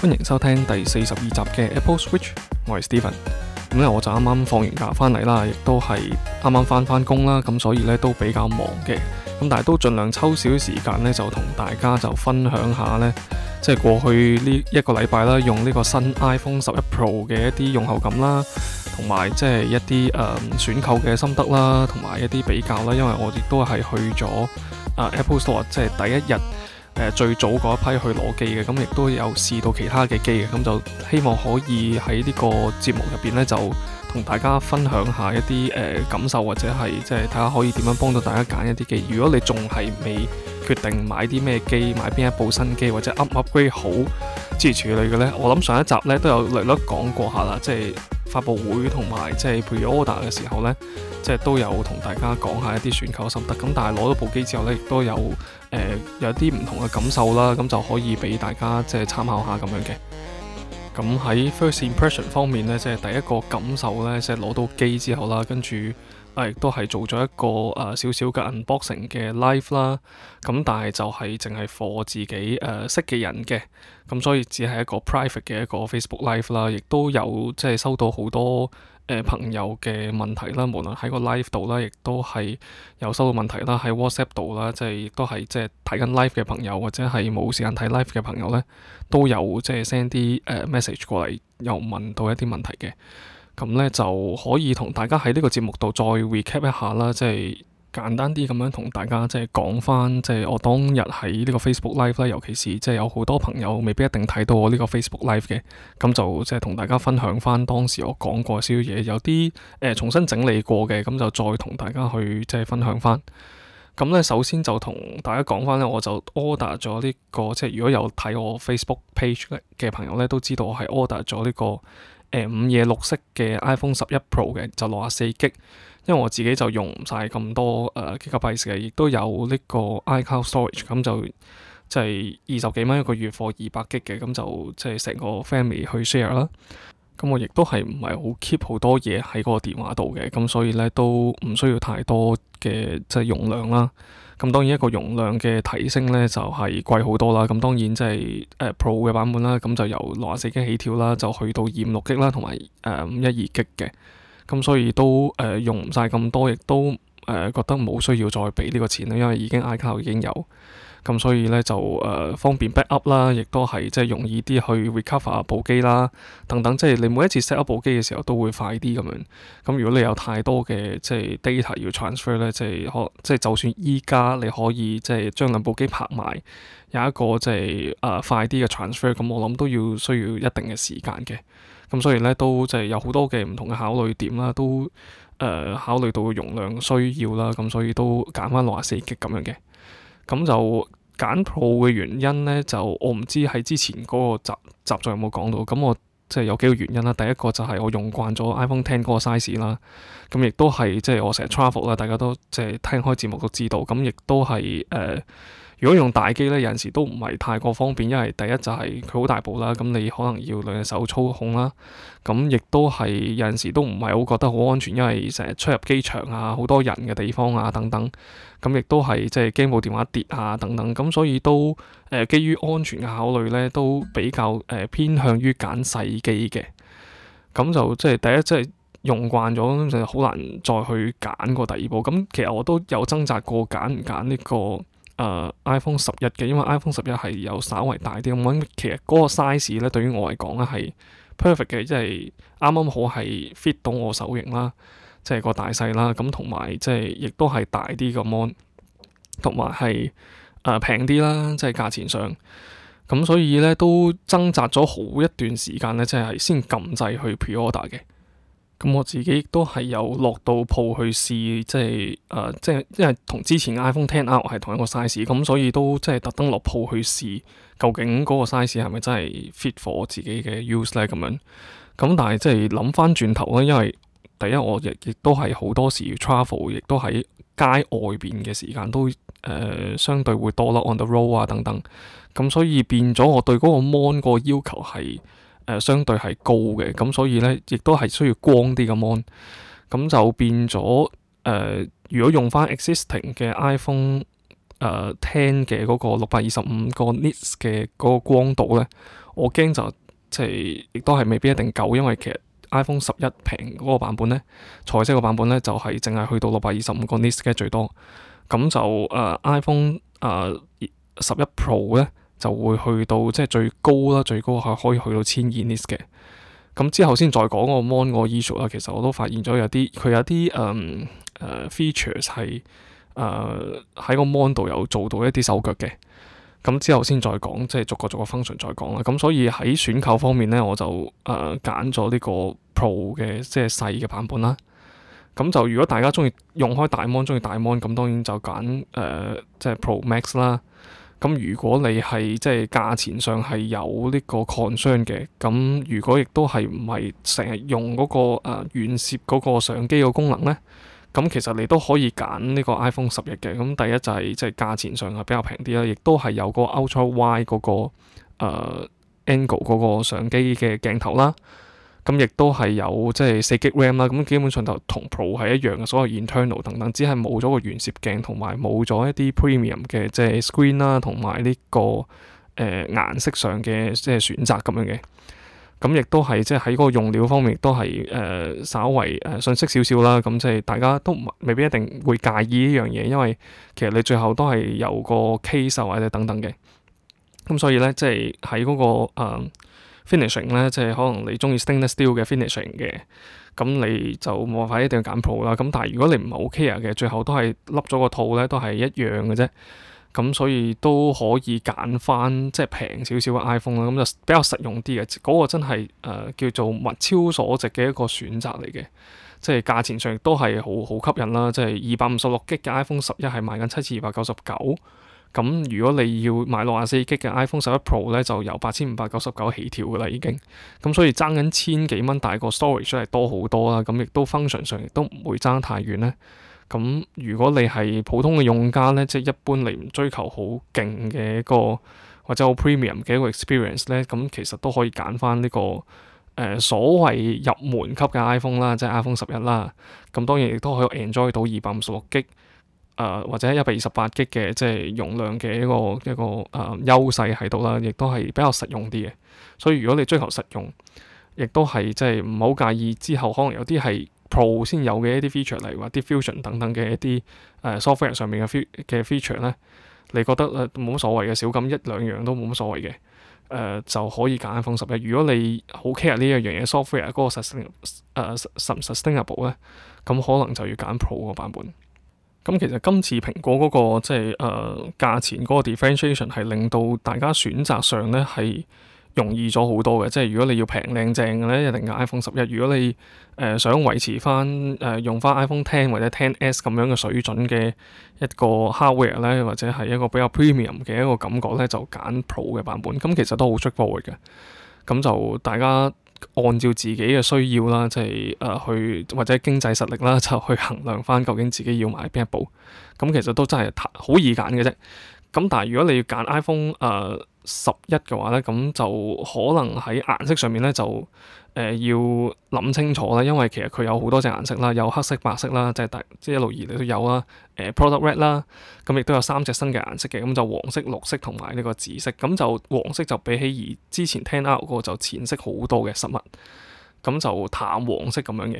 歡迎收聽第四十二集嘅 Apple Switch，我係 Steven。咁、嗯、咧，我就啱啱放完假翻嚟啦，亦都係啱啱翻翻工啦，咁所以咧都比較忙嘅。咁、嗯、但係都盡量抽少啲時間咧，就同大家就分享下咧，即係過去呢一個禮拜啦，用呢個新 iPhone 十一 Pro 嘅一啲用後感啦，同埋即係一啲誒、嗯、選購嘅心得啦，同埋一啲比較啦。因為我亦都係去咗 Apple Store，即係第一日。最早嗰一批去攞機嘅，咁亦都有試到其他嘅機嘅，咁就希望可以喺呢個節目入邊呢，就同大家分享一下一啲誒、呃、感受，或者係即係睇下可以點樣幫到大家揀一啲機。如果你仲係未決定買啲咩機，買邊一部新機或者 upgrade 好之類嘅呢，我諗上一集呢都有略略講過下啦，即係發布會同埋即係 pre-order 嘅時候呢。即係都有同大家講下一啲選購心得，咁但係攞到部機之後呢，亦都有誒、呃、有啲唔同嘅感受啦，咁就可以俾大家即係參考下咁樣嘅。咁喺 first impression 方面呢，即係第一個感受呢，即係攞到機之後啦，跟住。亦都係做咗一個誒、呃、少少嘅 unboxing 嘅 live 啦、啊，咁但係就係淨係 for 自己誒、呃、識嘅人嘅，咁、啊、所以只係一個 private 嘅一個 Facebook live 啦、啊，亦都有即係、就是、收到好多誒、呃、朋友嘅問題啦，無論喺個 live 度啦，亦、啊、都係有收到問題啦，喺 WhatsApp 度啦，即、啊、係亦都係即係睇緊 live 嘅朋友，或者係冇時間睇 live 嘅朋友咧，都有即係 send 啲誒 message 過嚟，又問到一啲問題嘅。咁咧就可以同大家喺呢個節目度再 recap 一下啦，即係簡單啲咁樣同大家即係講翻，即係我當日喺呢個 Facebook Live 咧，尤其是即係有好多朋友未必一定睇到我呢個 Facebook Live 嘅，咁就即係同大家分享翻當時我講過少少嘢，有啲誒重新整理過嘅，咁就再同大家去即係分享翻。咁咧首先就同大家講翻咧，我就 order 咗呢個，即係如果有睇我 Facebook page 嘅朋友咧，都知道我係 order 咗呢個。誒午、呃、夜綠色嘅 iPhone 11 Pro 嘅就六十四 G，因為我自己就用唔晒咁多誒、uh, GB 嘅，亦都有呢個 iCloud storage，咁就即係二十幾蚊一個月，貨二百 G 嘅，咁就即係成個 family 去 share 啦。咁我亦都係唔係好 keep 好多嘢喺個電話度嘅，咁所以咧都唔需要太多嘅即係容量啦。咁當然一個容量嘅提升咧就係、是、貴好多啦，咁當然即係誒 Pro 嘅版本啦，咁就由六十四 G 起跳啦，就去到二五六 G 啦，同埋誒五一二 G 嘅，咁、呃、所以都誒、呃、用唔晒咁多，亦都誒、呃、覺得冇需要再俾呢個錢啦，因為已經 iCloud 已經有。咁所以咧就誒、呃、方便 backup 啦，亦都係即係容易啲去 recover 部機啦，等等，即係你每一次 set up 一部機嘅時候都會快啲咁樣。咁如果你有太多嘅即係 data 要 transfer 咧，即係可即係就算依家你可以即係將兩部機拍埋，有一個即係誒、呃、快啲嘅 transfer，咁我諗都要需要一定嘅時間嘅。咁所以咧都即係有好多嘅唔同嘅考慮點啦，都誒、呃、考慮到容量需要啦，咁所以都揀翻六十四 G 咁樣嘅，咁就。揀 Pro 嘅原因咧，就我唔知喺之前嗰個集集有冇講到，咁我即係、就是、有幾個原因啦。第一個就係我用慣咗 iPhone X 嗰個 size 啦，咁亦都係即係我成日 travel 啦，大家都即係、就是、聽開節目都知道，咁亦都係誒。呃如果用大機呢，有陣時都唔係太過方便，因為第一就係佢好大部啦，咁你可能要兩隻手操控啦，咁亦都係有陣時都唔係好覺得好安全，因為成日出入機場啊、好多人嘅地方啊等等，咁亦都係即係驚部電話跌啊等等，咁所以都、呃、基於安全嘅考慮呢，都比較、呃、偏向於揀細機嘅。咁就即係第一，即係用慣咗，就好難再去揀過第二部。咁其實我都有掙扎過揀唔揀呢個。誒、uh, iPhone 十一嘅，因為 iPhone 十一係有稍為大啲咁樣，其實嗰個 size 咧對於我嚟講咧係 perfect 嘅，即係啱啱好係 fit 到我手型啦，即係個大細啦，咁同埋即係亦都係大啲 mon 咁樣，同埋係誒平啲啦，即係價錢上，咁所以咧都掙扎咗好一段時間咧，即係先撳掣去 pre-order 嘅。Order 咁我自己都係有落到鋪去試，即係誒、呃，即係因為同之前 iPhone XR 係同一個 size，咁所以都即係特登落鋪去試，究竟嗰個 size 係咪真係 fit for 我自己嘅 use 咧？咁樣咁，但係即係諗翻轉頭啦。因為第一我亦亦都係好多時 travel，亦都喺街外邊嘅時間都誒、呃，相對會多啦 on the road 啊等等，咁所以變咗我對嗰個 mon 個要求係，誒相對係高嘅，咁所以呢，亦都係需要光啲嘅。mon，咁就變咗誒、呃。如果用翻 existing 嘅 iPhone 誒、呃、Ten 嘅嗰個六百二十五個 nits 嘅嗰個光度呢，我驚就即係、就是、亦都係未必一定夠，因為其實 iPhone 十一平嗰個版本呢，彩色個版本呢，就係淨係去到六百二十五個 nits 嘅最多，咁就誒、呃、iPhone 誒十一 Pro 呢。就會去到即係最高啦，最高係可以去到千二 nis 嘅。咁之後先再講個 mon 個 issue 啦。其實我都發現咗有啲佢有啲誒誒 features 係誒喺個 mon 度有做到一啲手腳嘅。咁之後先再講，即係逐個逐個 function 再講啦。咁所以喺選購方面咧，我就誒揀咗呢個 pro 嘅即係細嘅版本啦。咁就如果大家中意用開大 mon，中意大 mon，咁當然就揀誒、呃、即係 pro max 啦。咁如果你係即係價錢上係有呢個 concern 嘅，咁如果亦都係唔係成日用嗰、那個誒、呃、遠攝嗰個相機個功能呢，咁其實你都可以揀呢個 iPhone 11嘅。咁第一就係、是、即係價錢上係比較平啲啦，亦都係有個 Ultra Wide 嗰、那個、呃、Angle 嗰個相機嘅鏡頭啦。咁亦、嗯、都係有即係四 GB RAM 啦、嗯，咁基本上就同 Pro 係一樣嘅，所有 internal 等等，只係冇咗個原攝鏡同埋冇咗一啲 Premium 嘅即係 screen 啦、這個，同埋呢個誒顏色上嘅即係選擇咁樣嘅。咁、嗯、亦都係即係喺嗰個用料方面都係誒稍為誒遜色少少啦。咁、嗯、即係大家都未必一定會介意呢樣嘢，因為其實你最後都係有個 Case 或者等等嘅。咁、嗯、所以咧，即係喺嗰個、呃 finishing 咧，即係可能你中意 stainless steel 嘅 finishing 嘅，咁你就冇法一定要揀 pro 啦。咁但係如果你唔係好 care 嘅，最後都係笠咗個套咧，都係一樣嘅啫。咁所以都可以揀翻即係平少少嘅 iPhone 啦。咁就比較實用啲嘅，嗰、那個真係誒、呃、叫做物超所值嘅一個選擇嚟嘅。即係價錢上亦都係好好吸引啦。即係二百五十六 G 嘅 iPhone 十一係賣緊七千二百九十九。咁如果你要買六十四 G 嘅 iPhone 十一 Pro 咧，就由八千五百九十九起跳噶啦，已經咁，所以爭緊千幾蚊大個 storage 係多好多啦，咁亦都 function 上亦都唔會爭太遠咧。咁如果你係普通嘅用家咧，即係一般你唔追求好勁嘅一個或者好 premium 嘅一個 experience 咧，咁其實都可以揀翻呢個誒、呃、所謂入門級嘅 iPhone 啦，即係 iPhone 十一啦。咁當然亦都可以 enjoy 到二百五十六 G。誒、uh, 或者一百二十八 G 嘅即係容量嘅一個一個誒、呃、優勢喺度啦，亦都係比較實用啲嘅。所以如果你追求實用，亦都係即係唔好介意之後可能有啲係 Pro 先有嘅一啲 feature 例如話啲 fusion 等等嘅一啲誒、呃、software 上面嘅 f e 嘅 feature 咧，你覺得誒冇乜所謂嘅，少咁一兩樣都冇乜所謂嘅誒、呃、就可以揀 iPhone 十一。如果你好 care、呃、呢一樣嘢 software 嗰個實升誒實唔 stable 咧，咁可能就要揀 Pro 個版本。咁其實今次蘋果嗰個即係誒價錢嗰個 differentiation 係令到大家選擇上咧係容易咗好多嘅，即係如果你要平靚正嘅咧，一定要 iPhone 十一；如果你誒、呃、想維持翻誒、呃、用翻 iPhone Ten 或者 Ten S 咁樣嘅水準嘅一個 hardware 咧，或者係一個比較 premium 嘅一個感覺咧，就揀 Pro 嘅版本。咁其實都好出貨嘅，咁就大家。按照自己嘅需要啦，即係誒去或者經濟實力啦，就去衡量返究竟自己要買邊一部。咁其實都真係好易揀嘅啫。咁但係如果你要揀 iPhone 誒、呃、十一嘅話咧，咁就可能喺顏色上面咧就。誒、呃、要諗清楚啦，因為其實佢有好多隻顏色啦，有黑色、白色啦，即係大即係一路而嚟都有啦。誒、呃、Product Red 啦，咁亦都有三隻新嘅顏色嘅，咁就黃色、綠色同埋呢個紫色。咁就黃色就比起以之前聽 out 嗰個就淺色好多嘅實物，咁就淡黃色咁樣嘅。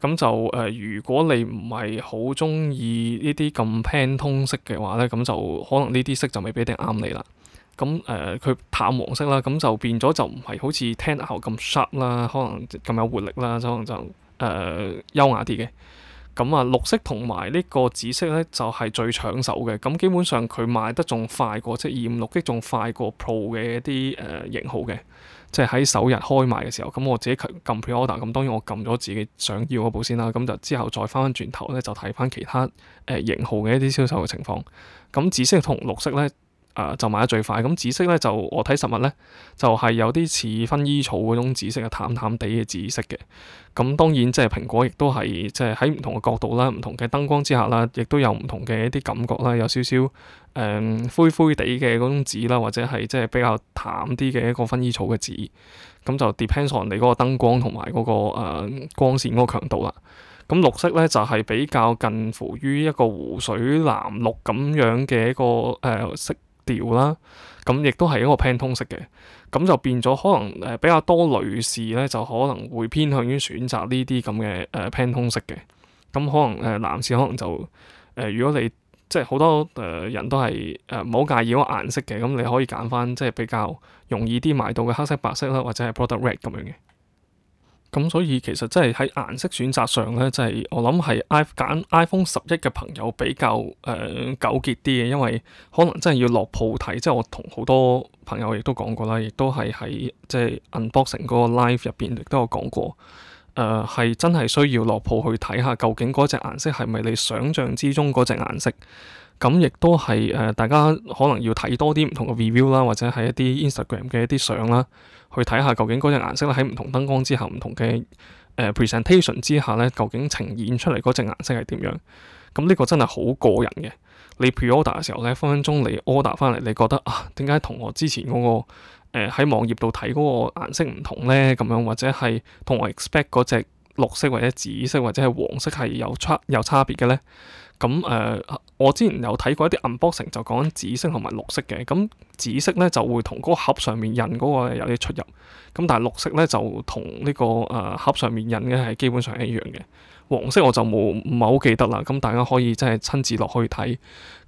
咁就誒、呃，如果你唔係好中意呢啲咁偏通色嘅話咧，咁就可能呢啲色就未必一定啱你啦。咁誒，佢、嗯呃、淡黃色啦，咁、嗯、就變咗就唔係好似 10R 咁 sharp 啦，可能咁有活力啦，可能就誒優、呃、雅啲嘅。咁、嗯、啊，綠色同埋呢個紫色咧，就係、是、最搶手嘅。咁、嗯、基本上佢賣得仲快過即係二五六 G 仲快過 Pro 嘅一啲誒、呃、型號嘅，即係喺首日開賣嘅時候。咁、嗯、我自己撳 pre order，咁、嗯、當然我撳咗自己想要嗰部先啦。咁、嗯、就之後再翻翻轉頭咧，就睇翻其他誒、呃、型號嘅一啲銷售嘅情況。咁、嗯、紫色同綠色咧。誒、uh, 就買得最快。咁紫色呢，就我睇實物呢，就係、是、有啲似薰衣草嗰種紫色嘅淡淡地嘅紫色嘅。咁當然即係蘋果亦都係即係喺唔同嘅角度啦、唔同嘅燈光之下啦，亦都有唔同嘅一啲感覺啦，有少少、嗯、灰灰地嘅嗰種紫啦，或者係即係比較淡啲嘅一個薰衣草嘅紫，咁就 depends on 你嗰個燈光同埋嗰個、呃、光線嗰個強度啦。咁綠色呢，就係、是、比較近乎於一個湖水藍綠咁樣嘅一個、呃、色啦，咁亦都係一個 Pantone 色嘅，咁就變咗可能誒比較多女士咧，就可能會偏向於選擇呢啲咁嘅 Pantone 色嘅，咁可能誒男士可能就誒、呃、如果你即係好多誒、呃、人都係誒唔好介意嗰個顏色嘅，咁你可以揀翻即係比較容易啲買到嘅黑色、白色啦，或者係 Product Red 咁樣嘅。咁所以其實真係喺顏色選擇上呢，就係、是、我諗係 iPhone 十一嘅朋友比較誒、呃、糾結啲嘅，因為可能真係要落鋪睇。即、就、係、是、我同好多朋友亦都講過啦，亦都係喺即係 unboxing 嗰個 live 入邊亦都有講過。誒、呃、係真係需要落鋪去睇下，究竟嗰隻顏色係咪你想像之中嗰隻顏色？咁亦都係誒、呃，大家可能要睇多啲唔同嘅 review 啦，或者係一啲 Instagram 嘅一啲相啦，去睇下究竟嗰隻顏色咧喺唔同燈光之下、唔同嘅誒、呃、presentation 之下咧，究竟呈現出嚟嗰隻顏色係點樣？咁呢個真係好個人嘅。你 pre order 嘅時候咧，分分鐘你 order 翻嚟，你覺得啊，點解同我之前嗰、嗰個喺、呃、網頁度睇嗰個顏色唔同咧？咁樣或者係同我 expect 嗰隻綠色或者紫色或者係黃色係有差有差別嘅咧？咁誒。呃。我之前有睇過一啲 unboxing，就講紫色同埋綠色嘅。咁紫色呢就會同嗰個盒上面印嗰個有啲出入。咁但係綠色呢就同呢、呢個誒、呃、盒上面印嘅係基本上係一樣嘅。黃色我就冇唔係好記得啦。咁大家可以真係親自落去睇。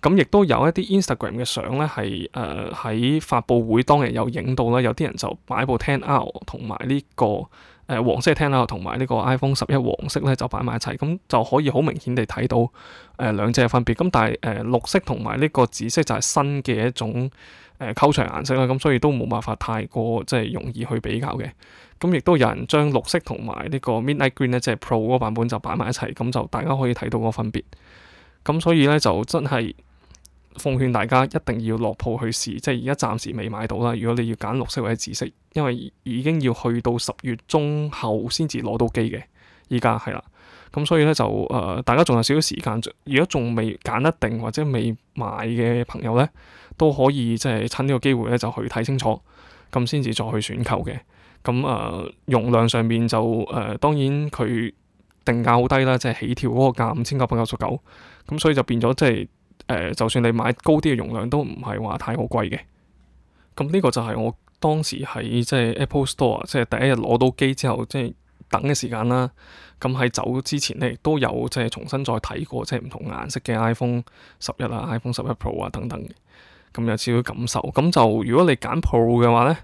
咁亦都有一啲 Instagram 嘅相呢係誒喺發佈會當日有影到啦。有啲人就擺部 Ten R 同埋呢個。誒、呃、黃色嘅聽啦，同埋呢個 iPhone 十一黃色咧就擺埋一齊，咁就可以好明顯地睇到誒、呃、兩隻嘅分別。咁但係誒、呃、綠色同埋呢個紫色就係新嘅一種誒溝、呃、長顏色啦，咁、啊、所以都冇辦法太過即係容易去比較嘅。咁、啊、亦都有人將綠色同埋呢個 Midnight Green 咧即係 Pro 嗰版本就擺埋一齊，咁、啊、就大家可以睇到個分別。咁、啊、所以咧就真係。奉勸大家一定要落鋪去試，即係而家暫時未買到啦。如果你要揀綠色或者紫色，因為已經要去到十月中後先至攞到機嘅，依家係啦。咁所以咧就誒、呃，大家仲有少少時間，如果仲未揀得定或者未買嘅朋友咧，都可以即係趁呢個機會咧就去睇清楚，咁先至再去選購嘅。咁誒、呃、容量上面就誒、呃、當然佢定價好低啦，即係起跳嗰個價五千九百九十九，咁所以就變咗即係。呃、就算你買高啲嘅容量都唔係話太好貴嘅。咁呢個就係我當時喺即係 Apple Store，即係第一日攞到機之後，即係等嘅時間啦。咁喺走之前咧，都有即係重新再睇過即係唔同顏色嘅 iPhone 十一啊、iPhone 十一 Pro 啊等等。咁有少少感受。咁就如果你揀 Pro 嘅話呢，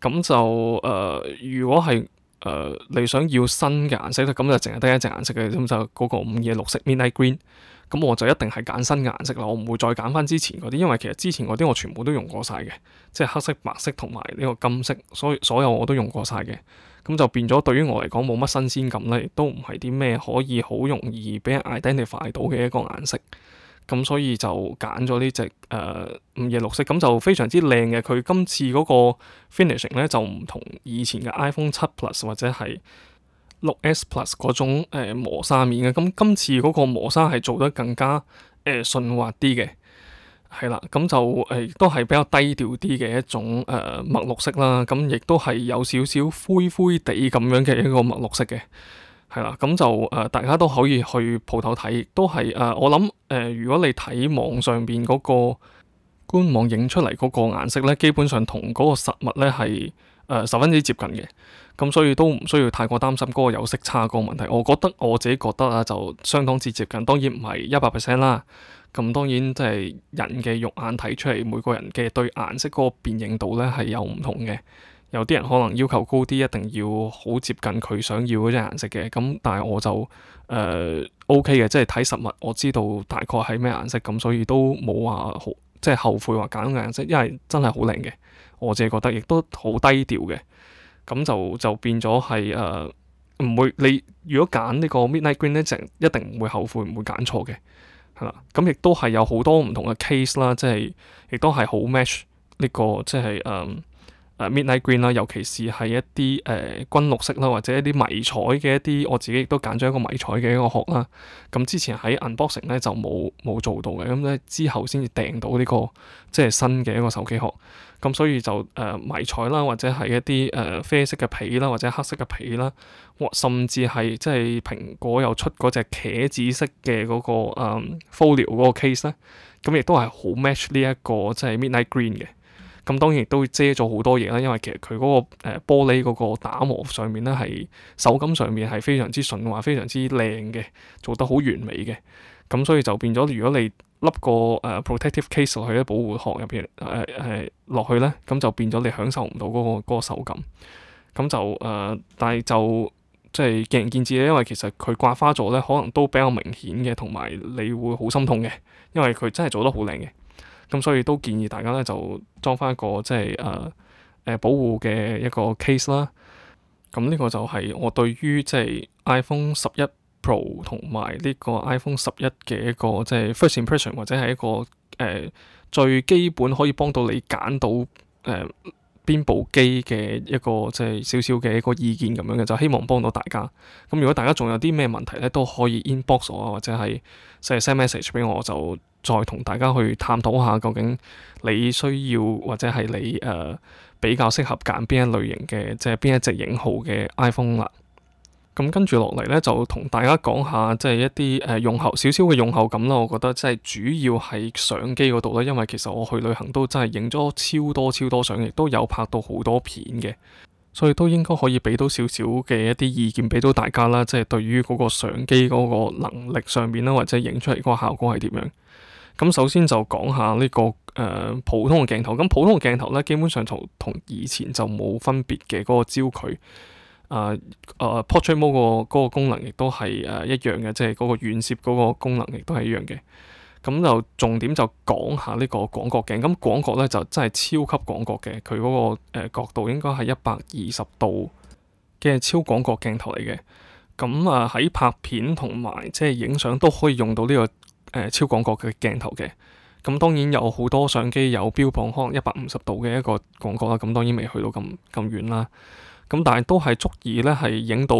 咁就誒、呃，如果係誒、呃、你想要新嘅顏色咧，咁就淨係得一隻顏色嘅，咁就嗰個午夜綠色 Midnight Green。咁我就一定係揀新嘅顏色啦，我唔會再揀返之前嗰啲，因為其實之前嗰啲我全部都用過晒嘅，即係黑色、白色同埋呢個金色，所所有我都用過晒嘅。咁就變咗對於我嚟講冇乜新鮮感啦，亦都唔係啲咩可以好容易俾人 identify 到嘅一個顏色。咁所以就揀咗呢隻誒午夜綠色，咁就非常之靚嘅。佢今次嗰個 finishing 咧就唔同以前嘅 iPhone 7 Plus 或者係六 S Plus 嗰種磨砂面嘅，咁今次嗰個磨砂係做得更加誒、呃、順滑啲嘅，係啦，咁就誒、呃、都係比較低調啲嘅一種誒墨、呃、綠色啦，咁亦都係有少少灰灰地咁樣嘅一個墨綠色嘅，係啦，咁就誒、呃、大家都可以去鋪頭睇，亦都係誒、呃、我諗誒、呃，如果你睇網上邊嗰個官網影出嚟嗰個顏色咧，基本上同嗰個實物咧係。呃、十分之接近嘅，咁、嗯、所以都唔需要太過擔心嗰個有色差嗰個問題。我覺得我自己覺得啊，就相當之接近。當然唔係一百 percent 啦。咁、嗯、當然即係人嘅肉眼睇出嚟，每個人嘅對顏色嗰個辨認度呢係有唔同嘅。有啲人可能要求高啲，一定要好接近佢想要嗰隻顏色嘅。咁、嗯、但係我就誒、呃、OK 嘅，即係睇實物，我知道大概係咩顏色。咁、嗯、所以都冇話好即係後悔話揀嗰個顏色，因為真係好靚嘅。我自己覺得亦都好低調嘅，咁就就變咗係誒，唔、呃、會你如果揀呢個 Midnight Green 咧，就一定唔會後悔，唔會揀錯嘅，係啦。咁亦都係有好多唔同嘅 case 啦，即係亦都係好 match 呢、呢個即係誒。呃誒、uh, midnight green 啦，尤其是係一啲誒軍綠色啦，或者一啲迷彩嘅一啲，我自己亦都揀咗一個迷彩嘅一個殼啦。咁之前喺 inbox 城咧就冇冇做到嘅，咁咧之後先至訂到呢、這個即係新嘅一個手機殼。咁所以就誒、呃、迷彩啦，或者係一啲誒、呃、啡色嘅皮啦，或者黑色嘅皮啦，甚至係即係蘋果又出嗰隻茄子色嘅嗰、那個、嗯、folio 嗰個 case 咧、這個，咁亦都係好 match 呢一個即係 midnight green 嘅。咁當然亦都會遮咗好多嘢啦，因為其實佢嗰個誒玻璃嗰個打磨上面咧係手感上面係非常之順滑、非常之靚嘅，做得好完美嘅。咁所以就變咗，如果你笠個誒 protective case 落去咧，保護殼入邊誒誒落去咧，咁就變咗你享受唔到嗰個嗰、嗰個手感。咁就誒、呃，但係就即係見仁見智咧，因為其實佢刮花咗咧，可能都比較明顯嘅，同埋你會好心痛嘅，因為佢真係做得好靚嘅。咁所以都建議大家咧就裝翻一個即係誒誒保護嘅一個 case 啦。咁、嗯、呢、這個就係我對於即係 iPhone 十一 Pro 同埋呢個 iPhone 十一嘅一個即係 first impression 或者係一個誒、呃、最基本可以幫到你揀到誒。呃邊部機嘅一個即係少少嘅一個意見咁樣嘅，就希望幫到大家。咁如果大家仲有啲咩問題咧，都可以 inbox 我啊，或者係寫 send message 俾我，就再同大家去探討下究竟你需要或者係你誒、uh, 比較適合揀邊一類型嘅即係邊一隻型號嘅 iPhone 啦。咁跟住落嚟咧，就同大家講下，即係一啲誒、呃、用後少少嘅用後感啦。我覺得即係主要喺相機嗰度啦，因為其實我去旅行都真係影咗超多超多相，亦都有拍到好多片嘅，所以都應該可以俾到少少嘅一啲意見俾到大家啦。即係對於嗰個相機嗰個能力上面啦，或者影出嚟嗰個效果係點樣？咁首先就講下呢、這個誒、呃、普通嘅鏡頭。咁普通嘅鏡頭咧，基本上就同以前就冇分別嘅嗰、那個焦距。啊啊、uh, uh,，Portrait Mode 嗰、那個那個功能亦都係誒一樣嘅，即係嗰個遠攝嗰個功能亦都係一樣嘅。咁就重點就講下呢個廣角鏡。咁廣角咧就真係超級廣角嘅，佢嗰、那個、uh, 角度應該係一百二十度嘅超廣角鏡頭嚟嘅。咁啊喺拍片同埋即係影相都可以用到呢、這個誒、uh, 超廣角嘅鏡頭嘅。咁當然有好多相機有標榜可能一百五十度嘅一個廣角啦。咁當然未去到咁咁遠啦。咁但係都係足以咧，係影到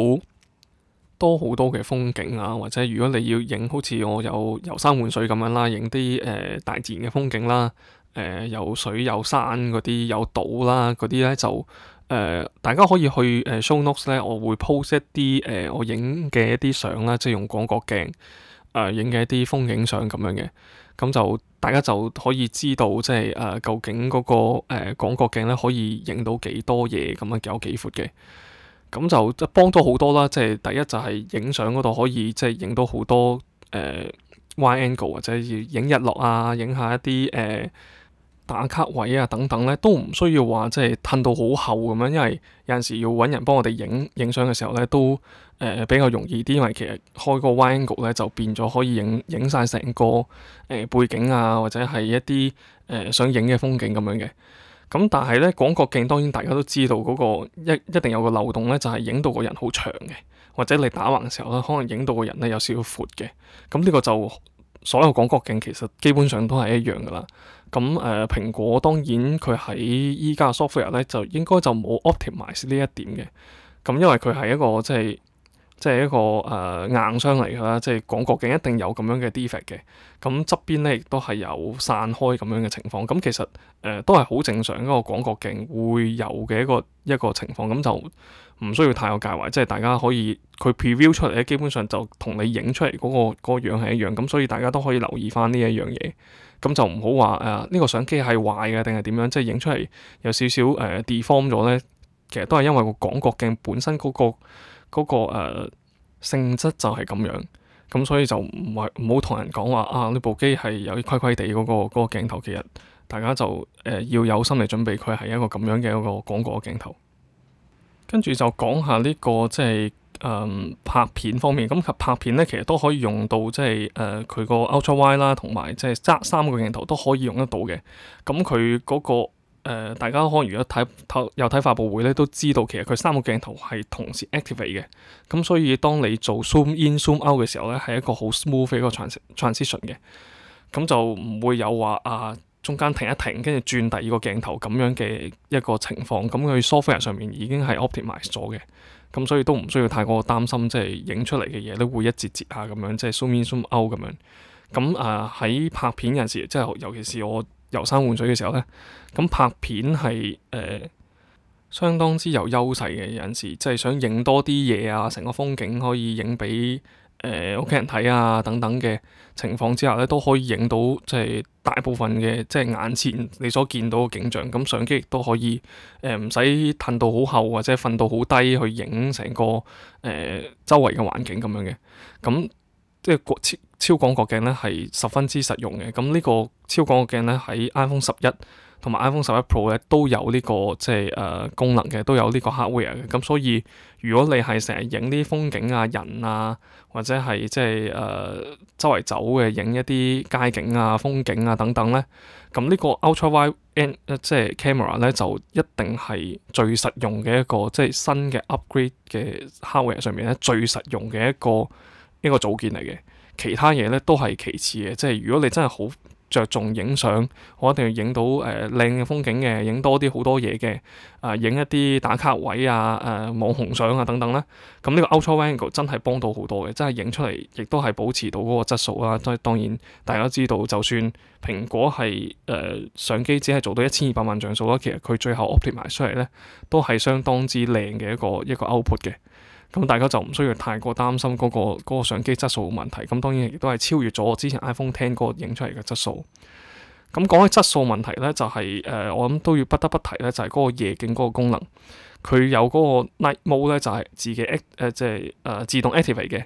多好多嘅風景啊！或者如果你要影好似我有遊山玩水咁樣啦，影啲誒大自然嘅風景啦，誒、呃、有水有山嗰啲有島啦，嗰啲咧就誒、呃、大家可以去誒、呃、show notes 咧，我會 post 一啲誒、呃、我影嘅一啲相啦，即係用廣角鏡誒影嘅一啲風景相咁樣嘅。咁就大家就可以知道，即係誒、呃，究竟嗰、那個誒廣、呃、角鏡咧可以影到幾多嘢，咁啊，有幾闊嘅。咁就幫到好多啦，即係第一就係影相嗰度可以即係影到好多誒 wide、呃、angle 或者要影日落啊，影下一啲誒、呃、打卡位啊等等咧，都唔需要話即係褪到好厚咁樣，因為有陣時要搵人幫我哋影影相嘅時候咧都。誒、呃、比較容易啲，因為其實開個 Wide Angle 咧就變咗可以影影曬成個誒、呃、背景啊，或者係一啲誒、呃、想影嘅風景咁樣嘅。咁但係咧，廣角鏡當然大家都知道嗰、那個一一定有個漏洞咧，就係、是、影到個人好長嘅，或者你打橫時候咧，可能影到個人咧有少少闊嘅。咁呢個就所有廣角鏡其實基本上都係一樣噶啦。咁誒、呃、蘋果當然佢喺依家 software 咧就應該就冇 Optimize 呢一點嘅。咁因為佢係一個即係。就是即係一個誒、呃、硬傷嚟㗎啦，即係廣角鏡一定有咁樣嘅 defect 嘅，咁側邊咧亦都係有散開咁樣嘅情況。咁其實誒、呃、都係好正常一個廣角鏡會有嘅一個一個情況，咁就唔需要太有介懷。即係大家可以佢 preview 出嚟，基本上就同你影出嚟嗰個嗰個樣係一樣。咁所以大家都可以留意翻呢一樣嘢，咁就唔好話誒呢個相機係壞嘅定係點樣，即係影出嚟有少少誒、呃、deform 咗咧。其實都係因為個廣角鏡本身嗰個。嗰、那個誒、呃、性質就係咁樣，咁所以就唔係唔好同人講話啊，呢部機係有啲規規地嗰個嗰、那個鏡頭，其實大家就誒、呃、要有心理準備，佢係一個咁樣嘅一個廣告鏡頭。跟住就講下呢、這個即係誒拍片方面，咁及拍片咧，其實都可以用到即係誒佢個 Ultra Wide 啦，同埋即係三三個鏡頭都可以用得到嘅。咁佢嗰個。誒、呃，大家可如果睇睇又睇發布會咧，都知道其實佢三個鏡頭係同時 activate 嘅，咁所以當你做 zoom in zoom out 嘅時候咧，係一個好 smooth 嘅一個 trans transition 嘅，咁就唔會有話啊中間停一停，跟住轉第二個鏡頭咁樣嘅一個情況，咁佢 software 上面已經係 optimize 咗嘅，咁所以都唔需要太過擔心，即係影出嚟嘅嘢都會一節節下咁樣，即係 zoom in zoom out 咁樣，咁啊喺拍片嘅時，即係尤其是我。遊山玩水嘅時候呢，咁拍片係、呃、相當之有優勢嘅。有陣時即係想影多啲嘢啊，成個風景可以影俾屋企人睇啊等等嘅情況之下呢，都可以影到即係大部分嘅即係眼前你所見到嘅景象。咁相機亦都可以唔使褪到好後或者瞓到好低去影成個、呃、周圍嘅環境咁樣嘅。咁即係超廣角鏡咧係十分之實用嘅，咁呢個超廣角鏡咧喺 iPhone 十一同埋 iPhone 十一 Pro 咧都有呢個即係誒功能嘅，都有呢個 hardware 嘅。咁所以如果你係成日影啲風景啊、人啊，或者係即係誒周圍走嘅影一啲街景啊、風景啊等等咧，咁呢個 Ultra Wide End 即係 camera 咧就一定係最實用嘅一個即係新嘅 upgrade 嘅 hardware 上面咧最實用嘅一個一個組件嚟嘅。其他嘢咧都係其次嘅，即係如果你真係好着重影相，我一定要影到誒靚嘅風景嘅，影多啲好多嘢嘅，影、呃、一啲打卡位啊，誒、呃、網紅相啊等等啦。咁呢個 Ultra Wide 真係幫到好多嘅，真係影出嚟亦都係保持到嗰個質素啦、啊。但當然大家都知道，就算蘋果係誒、呃、相機只係做到一千二百萬像素啦，其實佢最後 opt 埋出嚟呢，都係相當之靚嘅一個一個 output 嘅。咁大家就唔需要太過擔心嗰、那個那個相機質素嘅問題。咁當然亦都係超越咗我之前 iPhone 10嗰個影出嚟嘅質素。咁講起質素問題咧，就係、是、誒、呃、我諗都要不得不提咧，就係、是、嗰個夜景嗰個功能，佢有嗰個 Night Mode 咧，就係、是、自己 act 即係誒自動 activate 嘅。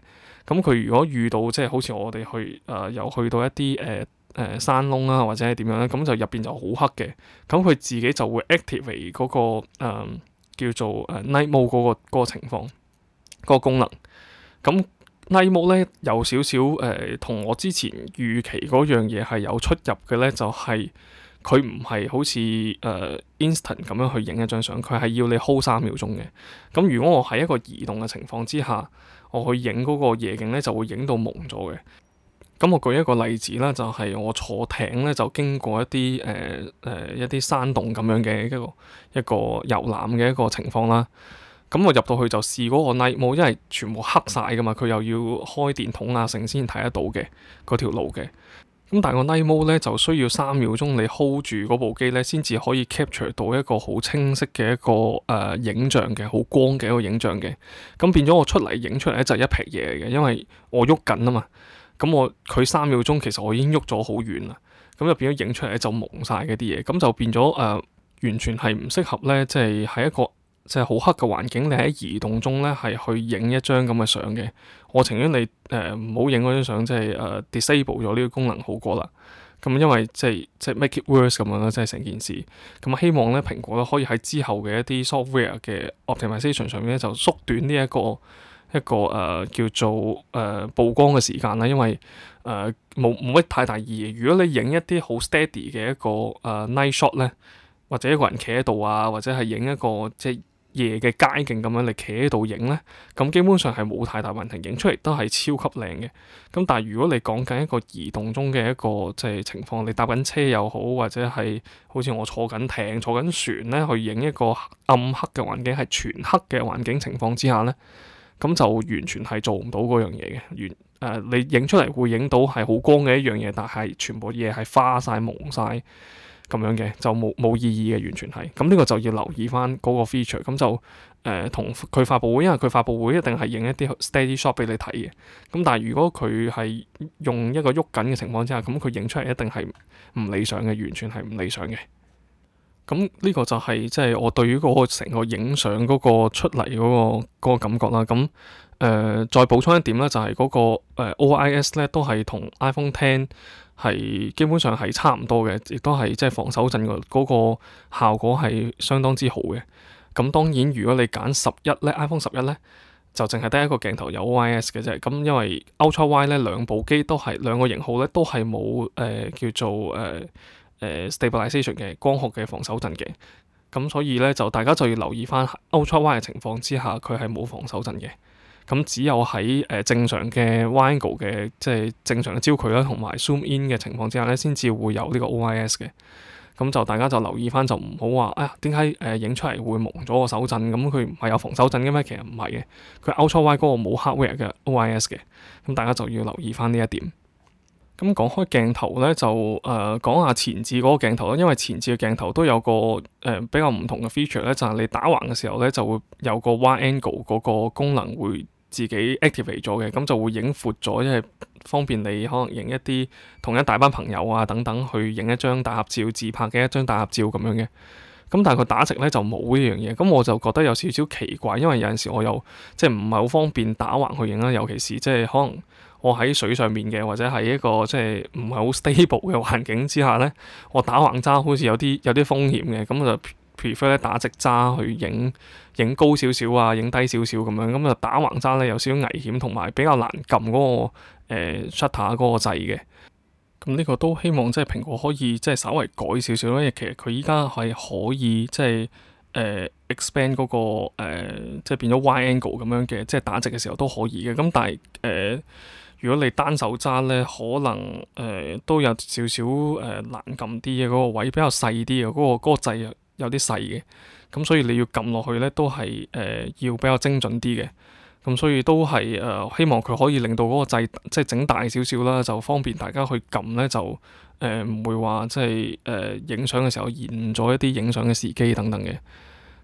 咁、嗯、佢如果遇到即係、就是、好似我哋去誒、呃、有去到一啲誒誒山窿啦、啊，或者係點樣咧，咁、嗯、就入邊就好黑嘅。咁、嗯、佢自己就會 activate 嗰、那個、呃、叫做誒 Night Mode 嗰、那個嗰、那個情況。個功能咁，Night mode 咧有少少誒，同、呃、我之前預期嗰樣嘢係有出入嘅咧，就係佢唔係好似誒、呃、Instant 咁樣去影一張相，佢係要你 hold 三秒鐘嘅。咁如果我喺一個移動嘅情況之下，我去影嗰個夜景咧，就會影到濛咗嘅。咁我舉一個例子啦，就係、是、我坐艇咧，就經過一啲誒誒一啲山洞咁樣嘅一個一個遊覽嘅一個情況啦。咁我入到去就試嗰個 night mode，因為全部黑晒噶嘛，佢又要開電筒啊成先睇得到嘅嗰條路嘅。咁但係個 night mode 咧就需要三秒鐘你 hold 住部機咧，先至可以 capture 到一個好清晰嘅一個誒、呃、影像嘅，好光嘅一個影像嘅。咁變咗我出嚟影出嚟咧就一撇嘢嘅，因為我喐緊啊嘛。咁我佢三秒鐘其實我已經喐咗好遠啦。咁就變咗影出嚟就蒙晒嘅啲嘢，咁就變咗誒、呃、完全係唔適合咧，即係喺一個。即係好黑嘅環境，你喺移動中咧係去影一張咁嘅相嘅，我情願你誒唔好影嗰張相，即係誒 disable 咗呢個功能好過啦。咁因為即係即係 make it worse 咁樣啦，即係成件事。咁、嗯、希望咧蘋果咧可以喺之後嘅一啲 software 嘅 optimisation 上面咧，就縮短呢、這個、一個一個誒叫做誒、呃、曝光嘅時間啦。因為誒冇冇乜太大意義。如果你影一啲好 steady 嘅一個誒、呃、night shot 咧，或者一個人企喺度啊，或者係影一個即係。夜嘅街景咁樣你企喺度影呢，咁基本上係冇太大問題，影出嚟都係超級靚嘅。咁但係如果你講緊一個移動中嘅一個即係情況，你搭緊車又好，或者係好似我坐緊艇、坐緊船呢，去影一個暗黑嘅環境，係全黑嘅環境情況之下呢，咁就完全係做唔到嗰樣嘢嘅。完誒、呃，你影出嚟會影到係好光嘅一樣嘢，但係全部嘢係花晒、朦晒。咁樣嘅就冇冇意義嘅，完全係。咁呢個就要留意翻嗰個 feature、嗯。咁就誒、呃、同佢發布會，因為佢發布會一定係影一啲 steady shot 俾你睇嘅。咁、嗯、但係如果佢係用一個喐緊嘅情況之下，咁佢影出嚟一定係唔理想嘅，完全係唔理想嘅。咁、嗯、呢、這個就係即係我對於嗰個成個影相嗰個出嚟嗰、那個嗰、那個感覺啦。咁、嗯、誒、呃、再補充一點咧，就係、是、嗰、那個、呃、OIS 咧都係同 iPhone Ten。係基本上係差唔多嘅，亦都係即係防手震個效果係相當之好嘅。咁當然如果你揀十一咧，iPhone 十一咧就淨係得一個鏡頭有 OIS 嘅啫。咁因為 Ultra Wide 咧兩部機都係兩個型號咧都係冇誒叫做誒誒、呃呃、stabilization 嘅光學嘅防手震嘅。咁所以咧就大家就要留意返 Ultra Wide 嘅情況之下，佢係冇防手震嘅。咁、嗯、只有喺誒、呃、正常嘅 wide angle 嘅，即係正常嘅焦距啦，同埋 zoom in 嘅情況之下咧，先至會有呢個 OIS 嘅。咁、嗯、就大家就留意翻，就唔好話啊點解誒影出嚟會蒙咗個手震？咁佢唔係有防手震嘅咩？其實唔係嘅，佢 ultra wide 嗰個冇 hardware 嘅 OIS 嘅。咁、嗯、大家就要留意翻呢一點。咁講開鏡頭咧，就誒、呃、講下前置嗰個鏡頭啦，因為前置嘅鏡頭都有個誒、呃、比較唔同嘅 feature 咧，就係你打橫嘅時候咧，就會有個 wide angle 嗰個功能會。自己 activate 咗嘅，咁就會影闊咗，因為方便你可能影一啲同一大班朋友啊等等去影一張大合照，自拍嘅一張大合照咁樣嘅。咁但係佢打直咧就冇呢樣嘢，咁我就覺得有少少奇怪，因為有陣時我又即係唔係好方便打橫去影啦，尤其是即係可能我喺水上面嘅，或者係一個即係唔係好 stable 嘅環境之下咧，我打橫揸好似有啲有啲風險嘅，咁我就 prefer 打直揸去影影高少少啊，影低少少咁樣，咁就打橫揸咧有少少危險，同埋比較難撳嗰、那個、呃、shutter 嗰個掣嘅。咁呢 個都希望即係蘋果可以即係、就是、稍微改少少咧。因為其實佢依家係可以即係誒 expand 嗰、那個即係、呃就是、變咗 wide angle 咁樣嘅，即、就、係、是、打直嘅時候都可以嘅。咁但係，誒、呃，如果你單手揸咧，可能誒、呃、都有少少誒難撳啲嘅，嗰個位比較細啲啊嗰個掣啊。那個那個有啲細嘅，咁所以你要撳落去呢都係誒、呃、要比較精準啲嘅，咁所以都係誒、呃、希望佢可以令到嗰個掣即係整大少少啦，就方便大家去撳呢。就誒唔、呃、會話即係影相嘅時候延誤咗一啲影相嘅時機等等嘅。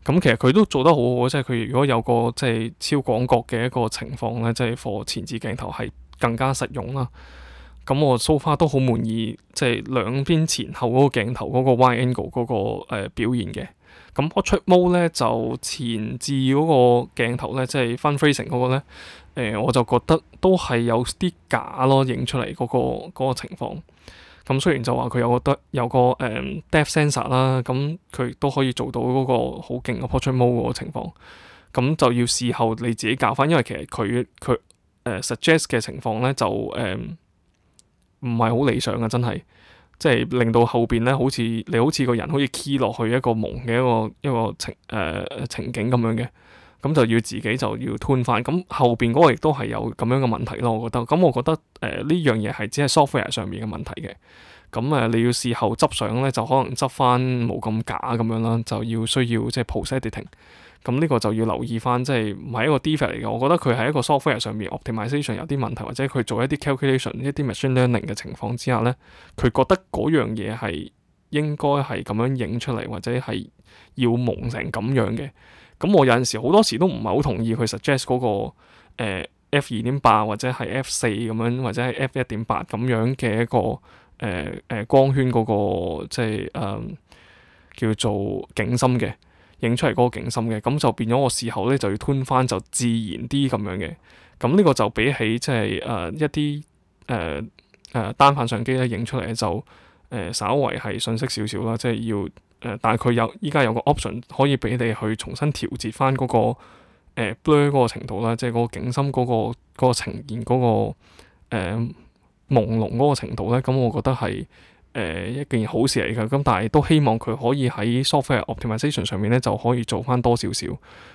咁其實佢都做得好好，即係佢如果有個即係超廣角嘅一個情況呢，即係放前置鏡頭係更加實用啦。咁我蘇花都好滿意，即係兩邊前後嗰個,、那個呃、個鏡頭嗰個 Y angle 嗰個表現嘅。咁 o 出毛咧就前置嗰個鏡頭咧，即係 n free 成嗰個咧，誒、呃、我就覺得都係有啲假咯，影出嚟嗰、那個嗰、那個情況。咁雖然就話佢有個得有個誒、um, depth sensor 啦，咁佢都可以做到嗰個好勁嘅 port out 毛嗰個情況。咁就要事後你自己教翻，因為其實佢佢誒 suggest 嘅情況咧就誒。Um, 唔係好理想啊，真係即係令到後邊咧，好似你好似個人，好似 key 落去一個夢嘅一個一個情誒、呃、情景咁樣嘅，咁就要自己就要吞翻。咁後邊嗰個亦都係有咁樣嘅問題咯，我覺得。咁我覺得誒呢樣嘢係只係 software 上面嘅問題嘅。咁誒、呃、你要事後執相咧，就可能執翻冇咁假咁樣啦，就要需要即係 post-editing。咁呢個就要留意翻，即係唔係一個 defect 嚟嘅。我覺得佢係一個 software 上面 optimization 有啲問題，或者佢做一啲 calculation、一啲 machine learning 嘅情況之下咧，佢覺得嗰樣嘢係應該係咁樣影出嚟，或者係要蒙成咁樣嘅。咁我有陣時好多時都唔係好同意佢 suggest 嗰個、呃、F 二點八或者係 F 四咁樣，或者係 F 一點八咁樣嘅一個誒誒、呃呃、光圈嗰、那個即係誒、呃、叫做景深嘅。影出嚟嗰個景深嘅，咁就變咗我事後咧就要吞翻就自然啲咁樣嘅，咁呢個就比起即係誒一啲誒誒單反相機咧影出嚟就誒、呃、稍為係遜色少少啦，即係要誒、呃，但係佢有依家有個 option 可以俾你去重新調節翻嗰個、呃、blur 嗰個程度啦，即係嗰個景深嗰、嗰個呈現嗰個、呃呃、朦朧嗰個程度咧，咁、嗯、我覺得係。誒、呃、一件好事嚟㗎，咁但係都希望佢可以喺 software optimization 上面咧，就可以做翻多少少，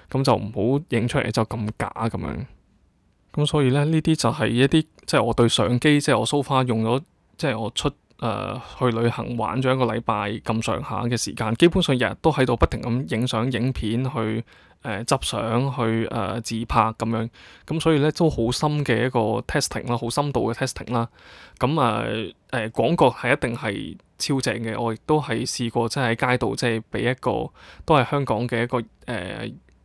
咁就唔好影出嚟就咁假咁樣。咁所以咧，呢啲就係一啲即係我對相機，即係我 so far 用咗，即係我出誒、呃、去旅行玩咗一個禮拜咁上下嘅時間，基本上日日都喺度不停咁影相、影片去。誒、呃、執相去誒、呃、自拍咁樣，咁所以咧都好深嘅一個 testing 啦，好深度嘅 testing 啦。咁誒誒廣角係一定係超正嘅，我亦都係試過即係喺街度即係俾一個都係香港嘅一個誒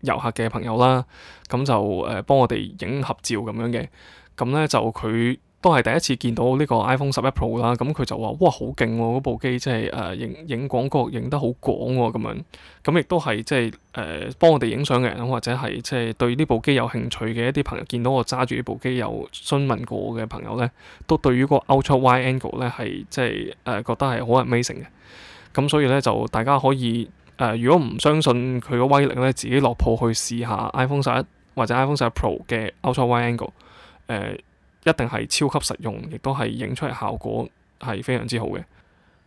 遊、呃、客嘅朋友啦，咁就誒幫、呃、我哋影合照咁樣嘅，咁咧就佢都係第一次見到呢個 iPhone 十一 Pro 啦，咁佢就話：哇，好勁喎！嗰部機真係誒影影廣告影得好廣喎、啊，咁樣咁亦都係即係誒幫我哋影相嘅人，或者係即係對呢部機有興趣嘅一啲朋友，見到我揸住呢部機有詢問過我嘅朋友呢，都對於個 Ultra Wide Angle 呢係即係誒覺得係好 amazing 嘅。咁所以呢，就大家可以誒、呃，如果唔相信佢嘅威力呢，自己落鋪去試下 iPhone 十一或者 iPhone 十一 Pro 嘅 Ultra Wide Angle 誒、呃。一定係超級實用，亦都係影出嚟效果係非常之好嘅。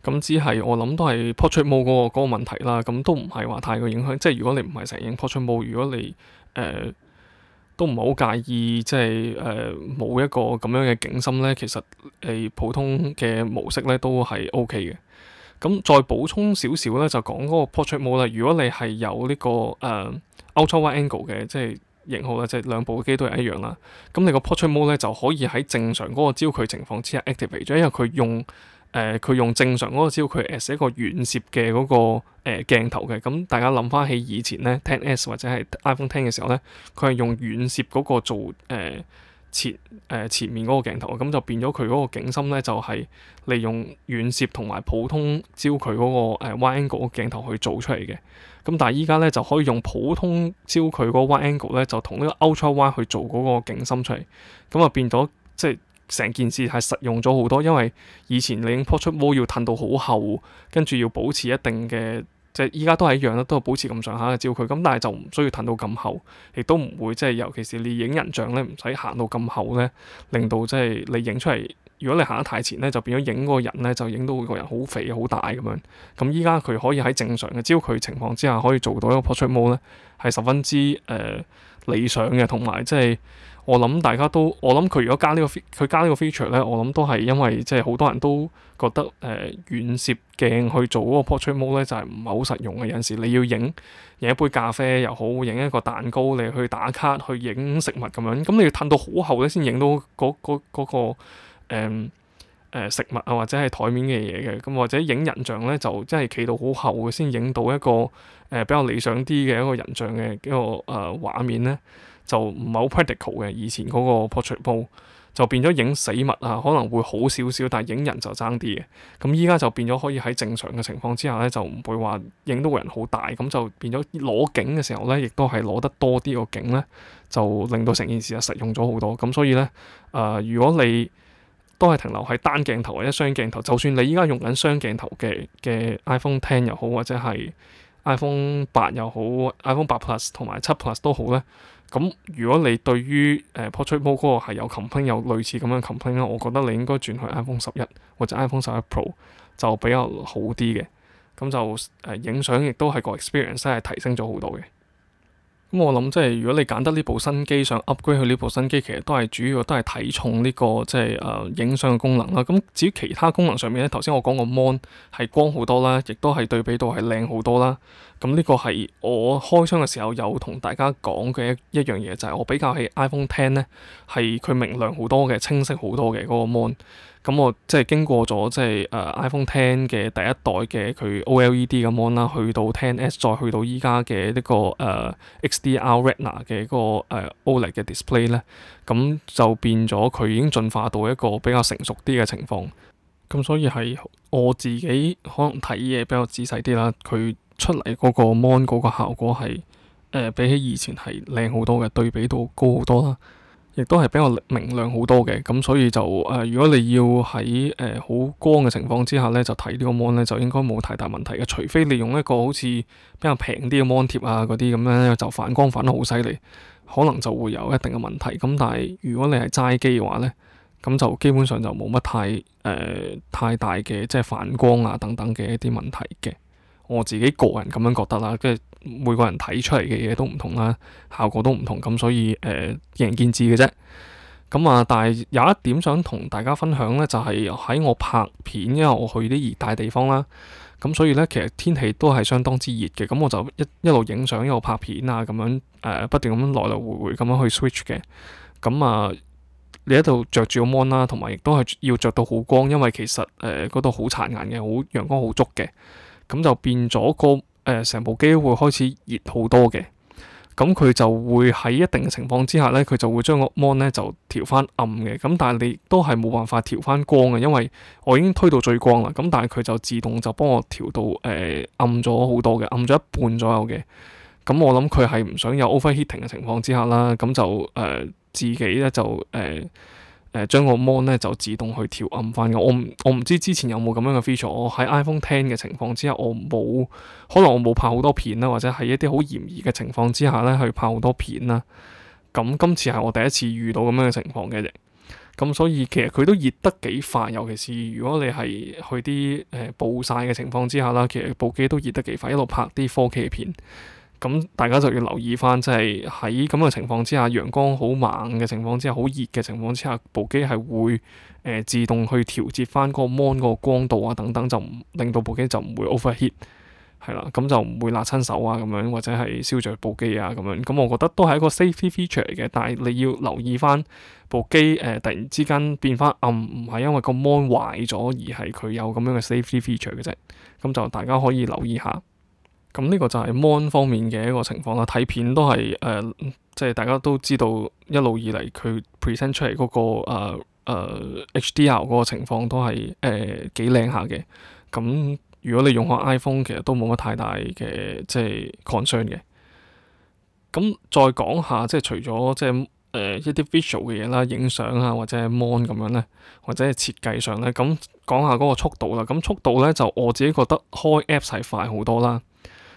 咁只係我諗都係 portrait mode 嗰個問題啦。咁都唔係話太過影響。即係如果你唔係成日影 portrait mode，如果你誒都唔好介意，即係誒冇一個咁樣嘅景深呢。其實誒普通嘅模式呢都係 OK 嘅。咁再補充少少呢，就講嗰個 portrait mode 啦。如果你係有呢個誒 ultra wide angle 嘅，即係。型號咧，即、就、係、是、兩部機都係一樣啦。咁你個 Portrait Mode 咧就可以喺正常嗰個焦距情況之下 activate 咗，因為佢用誒佢、呃、用正常嗰個焦距誒，一個遠攝嘅嗰、那個誒、呃、鏡頭嘅。咁大家諗翻起以前咧，10S 或者係 iPhone Ten 嘅時候咧，佢係用遠攝嗰個做誒。呃前誒、呃、前面嗰個鏡頭，咁就變咗佢嗰個景深咧，就係、是、利用遠攝同埋普通焦距嗰、那個誒 wide angle、呃、鏡頭去做出嚟嘅。咁但係依家咧就可以用普通焦距嗰個 wide angle 咧，就同呢個 ultra wide 去做嗰個景深出嚟。咁啊變咗即係成件事係實用咗好多，因為以前你已影 portrait mode，要褪到好後，跟住要保持一定嘅。即係而家都係一樣啦，都係保持咁上下嘅焦距，咁但係就唔需要褪到咁厚，亦都唔會即係，尤其是你影人像咧，唔使行到咁厚咧，令到即係你影出嚟。如果你行得太前咧，就變咗影嗰個人咧，就影到個人好肥好大咁樣。咁依家佢可以喺正常嘅焦距情況之下，可以做到一個 portrait mode 咧，係十分之誒、呃、理想嘅。同埋即係我諗大家都我諗佢如果加,、呢個、加個呢個佢加呢個 feature 咧，我諗都係因為即係好多人都覺得誒、呃、遠攝鏡去做嗰個 portrait mode 咧，就係唔係好實用嘅。有陣時你要影影一杯咖啡又好，影一個蛋糕你去打卡去影食物咁樣，咁你要褪到好後咧先影到嗰、嗰、嗰個。誒誒、嗯呃、食物啊，或者係台面嘅嘢嘅，咁或者影人像咧，就真係企到好後嘅先影到一個誒、呃、比較理想啲嘅一個人像嘅一個誒、呃、畫面咧，就唔係好 practical 嘅。以前嗰個 portrait 就變咗影死物啊，可能會好少少，但係影人就爭啲嘅。咁依家就變咗可以喺正常嘅情況之下咧，就唔會話影到個人好大，咁就變咗攞景嘅時候咧，亦都係攞得多啲個景咧，就令到成件事啊實用咗好多。咁所以咧，誒、呃、如果你都係停留喺單鏡頭或者雙鏡頭，就算你依家用緊雙鏡頭嘅嘅 iPhone Ten 又好，或者係 iPhone 八又好、iPhone 八 Plus 同埋七 Plus 都好咧。咁如果你對於誒 Portrait Mode 嗰個係有 complain 有類似咁樣嘅 complain，我覺得你應該轉去 iPhone 十一或者 iPhone 十一 Pro 就比較好啲嘅。咁就誒影相亦都係個 experience 係提升咗好多嘅。咁、嗯、我諗，即係如果你揀得呢部新機，想 upgrade 佢呢部新機，其實都係主要都係睇重呢、這個即係誒、啊、影相嘅功能啦。咁、嗯、至於其他功能上面咧，頭先我講個 mon 係光好多啦，亦都係對比度係靚好多啦。咁呢、嗯、這個係我開箱嘅時候有同大家講嘅一一樣嘢，就係、是、我比較喺 iPhone Ten 咧，係佢明亮好多嘅，清晰好多嘅嗰、那個 mon。咁、嗯、我即係經過咗即係誒、呃、iPhone Ten 嘅第一代嘅佢 OLED 嘅 mon 啦，去到 Ten S 再去到依家嘅呢個誒 XDR Retina 嘅一個 OLED 嘅 display 咧，咁、嗯、就變咗佢已經進化到一個比較成熟啲嘅情況。咁所以係我自己可能睇嘢比較仔細啲啦，佢。出嚟嗰個芒嗰個效果係誒、呃、比起以前係靚好多嘅，對比度高好多啦，亦都係比較明亮好多嘅。咁所以就誒、呃，如果你要喺誒好光嘅情況之下咧，就睇呢個芒咧，就應該冇太大問題嘅。除非你用一個好似比較平啲嘅芒貼啊嗰啲咁樣咧，就反光反得好犀利，可能就會有一定嘅問題。咁但係如果你係齋機嘅話咧，咁就基本上就冇乜太誒、呃、太大嘅即係反光啊等等嘅一啲問題嘅。我自己個人咁樣覺得啦，跟住每個人睇出嚟嘅嘢都唔同啦，效果都唔同咁，所以誒見仁見智嘅啫。咁啊，但係有一點想同大家分享呢，就係、是、喺我拍片，因為我去啲熱帶地方啦，咁所以呢，其實天氣都係相當之熱嘅。咁我就一一路影相，一路拍片啊，咁樣誒、呃、不斷咁來，來來回回咁樣去 switch 嘅。咁啊、呃，你喺度着住個 Mon 啦，同埋亦都係要着到好光，因為其實誒嗰度好殘眼嘅，好陽光好足嘅。咁就變咗個誒成、呃、部機會開始熱好多嘅，咁佢就會喺一定嘅情況之下呢，佢就會將個芒呢就調翻暗嘅。咁但係你都係冇辦法調翻光嘅，因為我已經推到最光啦。咁但係佢就自動就幫我調到誒暗咗好多嘅，暗咗一半左右嘅。咁我諗佢係唔想有 overheating 嘅情況之下啦，咁就誒、呃、自己呢就誒。呃誒將個芒咧就自動去調暗翻嘅，我唔我唔知之前有冇咁樣嘅 feature，我喺 iPhone 10嘅情況之下，我冇，可能我冇拍好多片啦，或者係一啲好炎熱嘅情況之下咧去拍好多片啦。咁今次係我第一次遇到咁樣嘅情況嘅啫。咁所以其實佢都熱得幾快，尤其是如果你係去啲誒暴曬嘅情況之下啦，其實部機都熱得幾快，一路拍啲科技片。咁大家就要留意翻，即係喺咁嘅情況之下，陽光好猛嘅情況之下，好熱嘅情況之下，部機係會誒、呃、自動去調節翻嗰個 mon 個光度啊，等等就唔令到部機就唔會 overheat 係啦，咁就唔會辣親手啊咁樣，或者係燒著部機啊咁樣。咁我覺得都係一個 safety feature 嚟嘅，但係你要留意翻部機誒、呃、突然之間變翻暗，唔、啊、係因為個 mon 壞咗，而係佢有咁樣嘅 safety feature 嘅啫。咁就大家可以留意下。咁呢個就係 mon 方面嘅一個情況啦。睇片都係誒、呃，即係大家都知道一路以嚟佢 present 出嚟嗰個誒誒 HDR 嗰個情況都係誒幾靚下嘅。咁、呃嗯、如果你用下 iPhone，其實都冇乜太大嘅即係 concern 嘅。咁、嗯、再講下，即係除咗即係誒、呃、一啲 visual 嘅嘢啦，影相啊，或者係 mon 咁樣咧，或者係設計上咧，咁、嗯、講下嗰個速度啦。咁、嗯、速度咧就我自己覺得開 Apps 係快好多啦。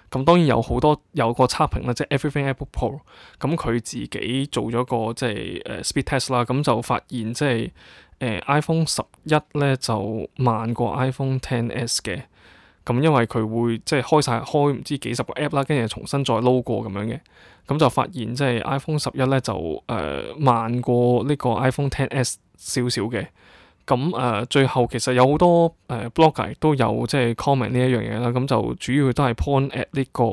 咁當然有好多有個測評啦，即係 Everything Apple Pro 咁佢自己做咗個即係誒、呃、speed test 啦，咁就發現即係誒、呃、iPhone 十一咧就慢過 iPhone Ten S 嘅。咁因為佢會即係開晒開唔知幾十個 app 啦，跟住重新再 load 過咁樣嘅，咁就發現即係 iPhone 十一咧就誒、呃、慢過呢個 iPhone Ten S 少少嘅。咁誒、呃，最後其實有好多誒、呃、blogger 都有即係、就是、comment 呢一樣嘢啦。咁就主要都係 point at 呢個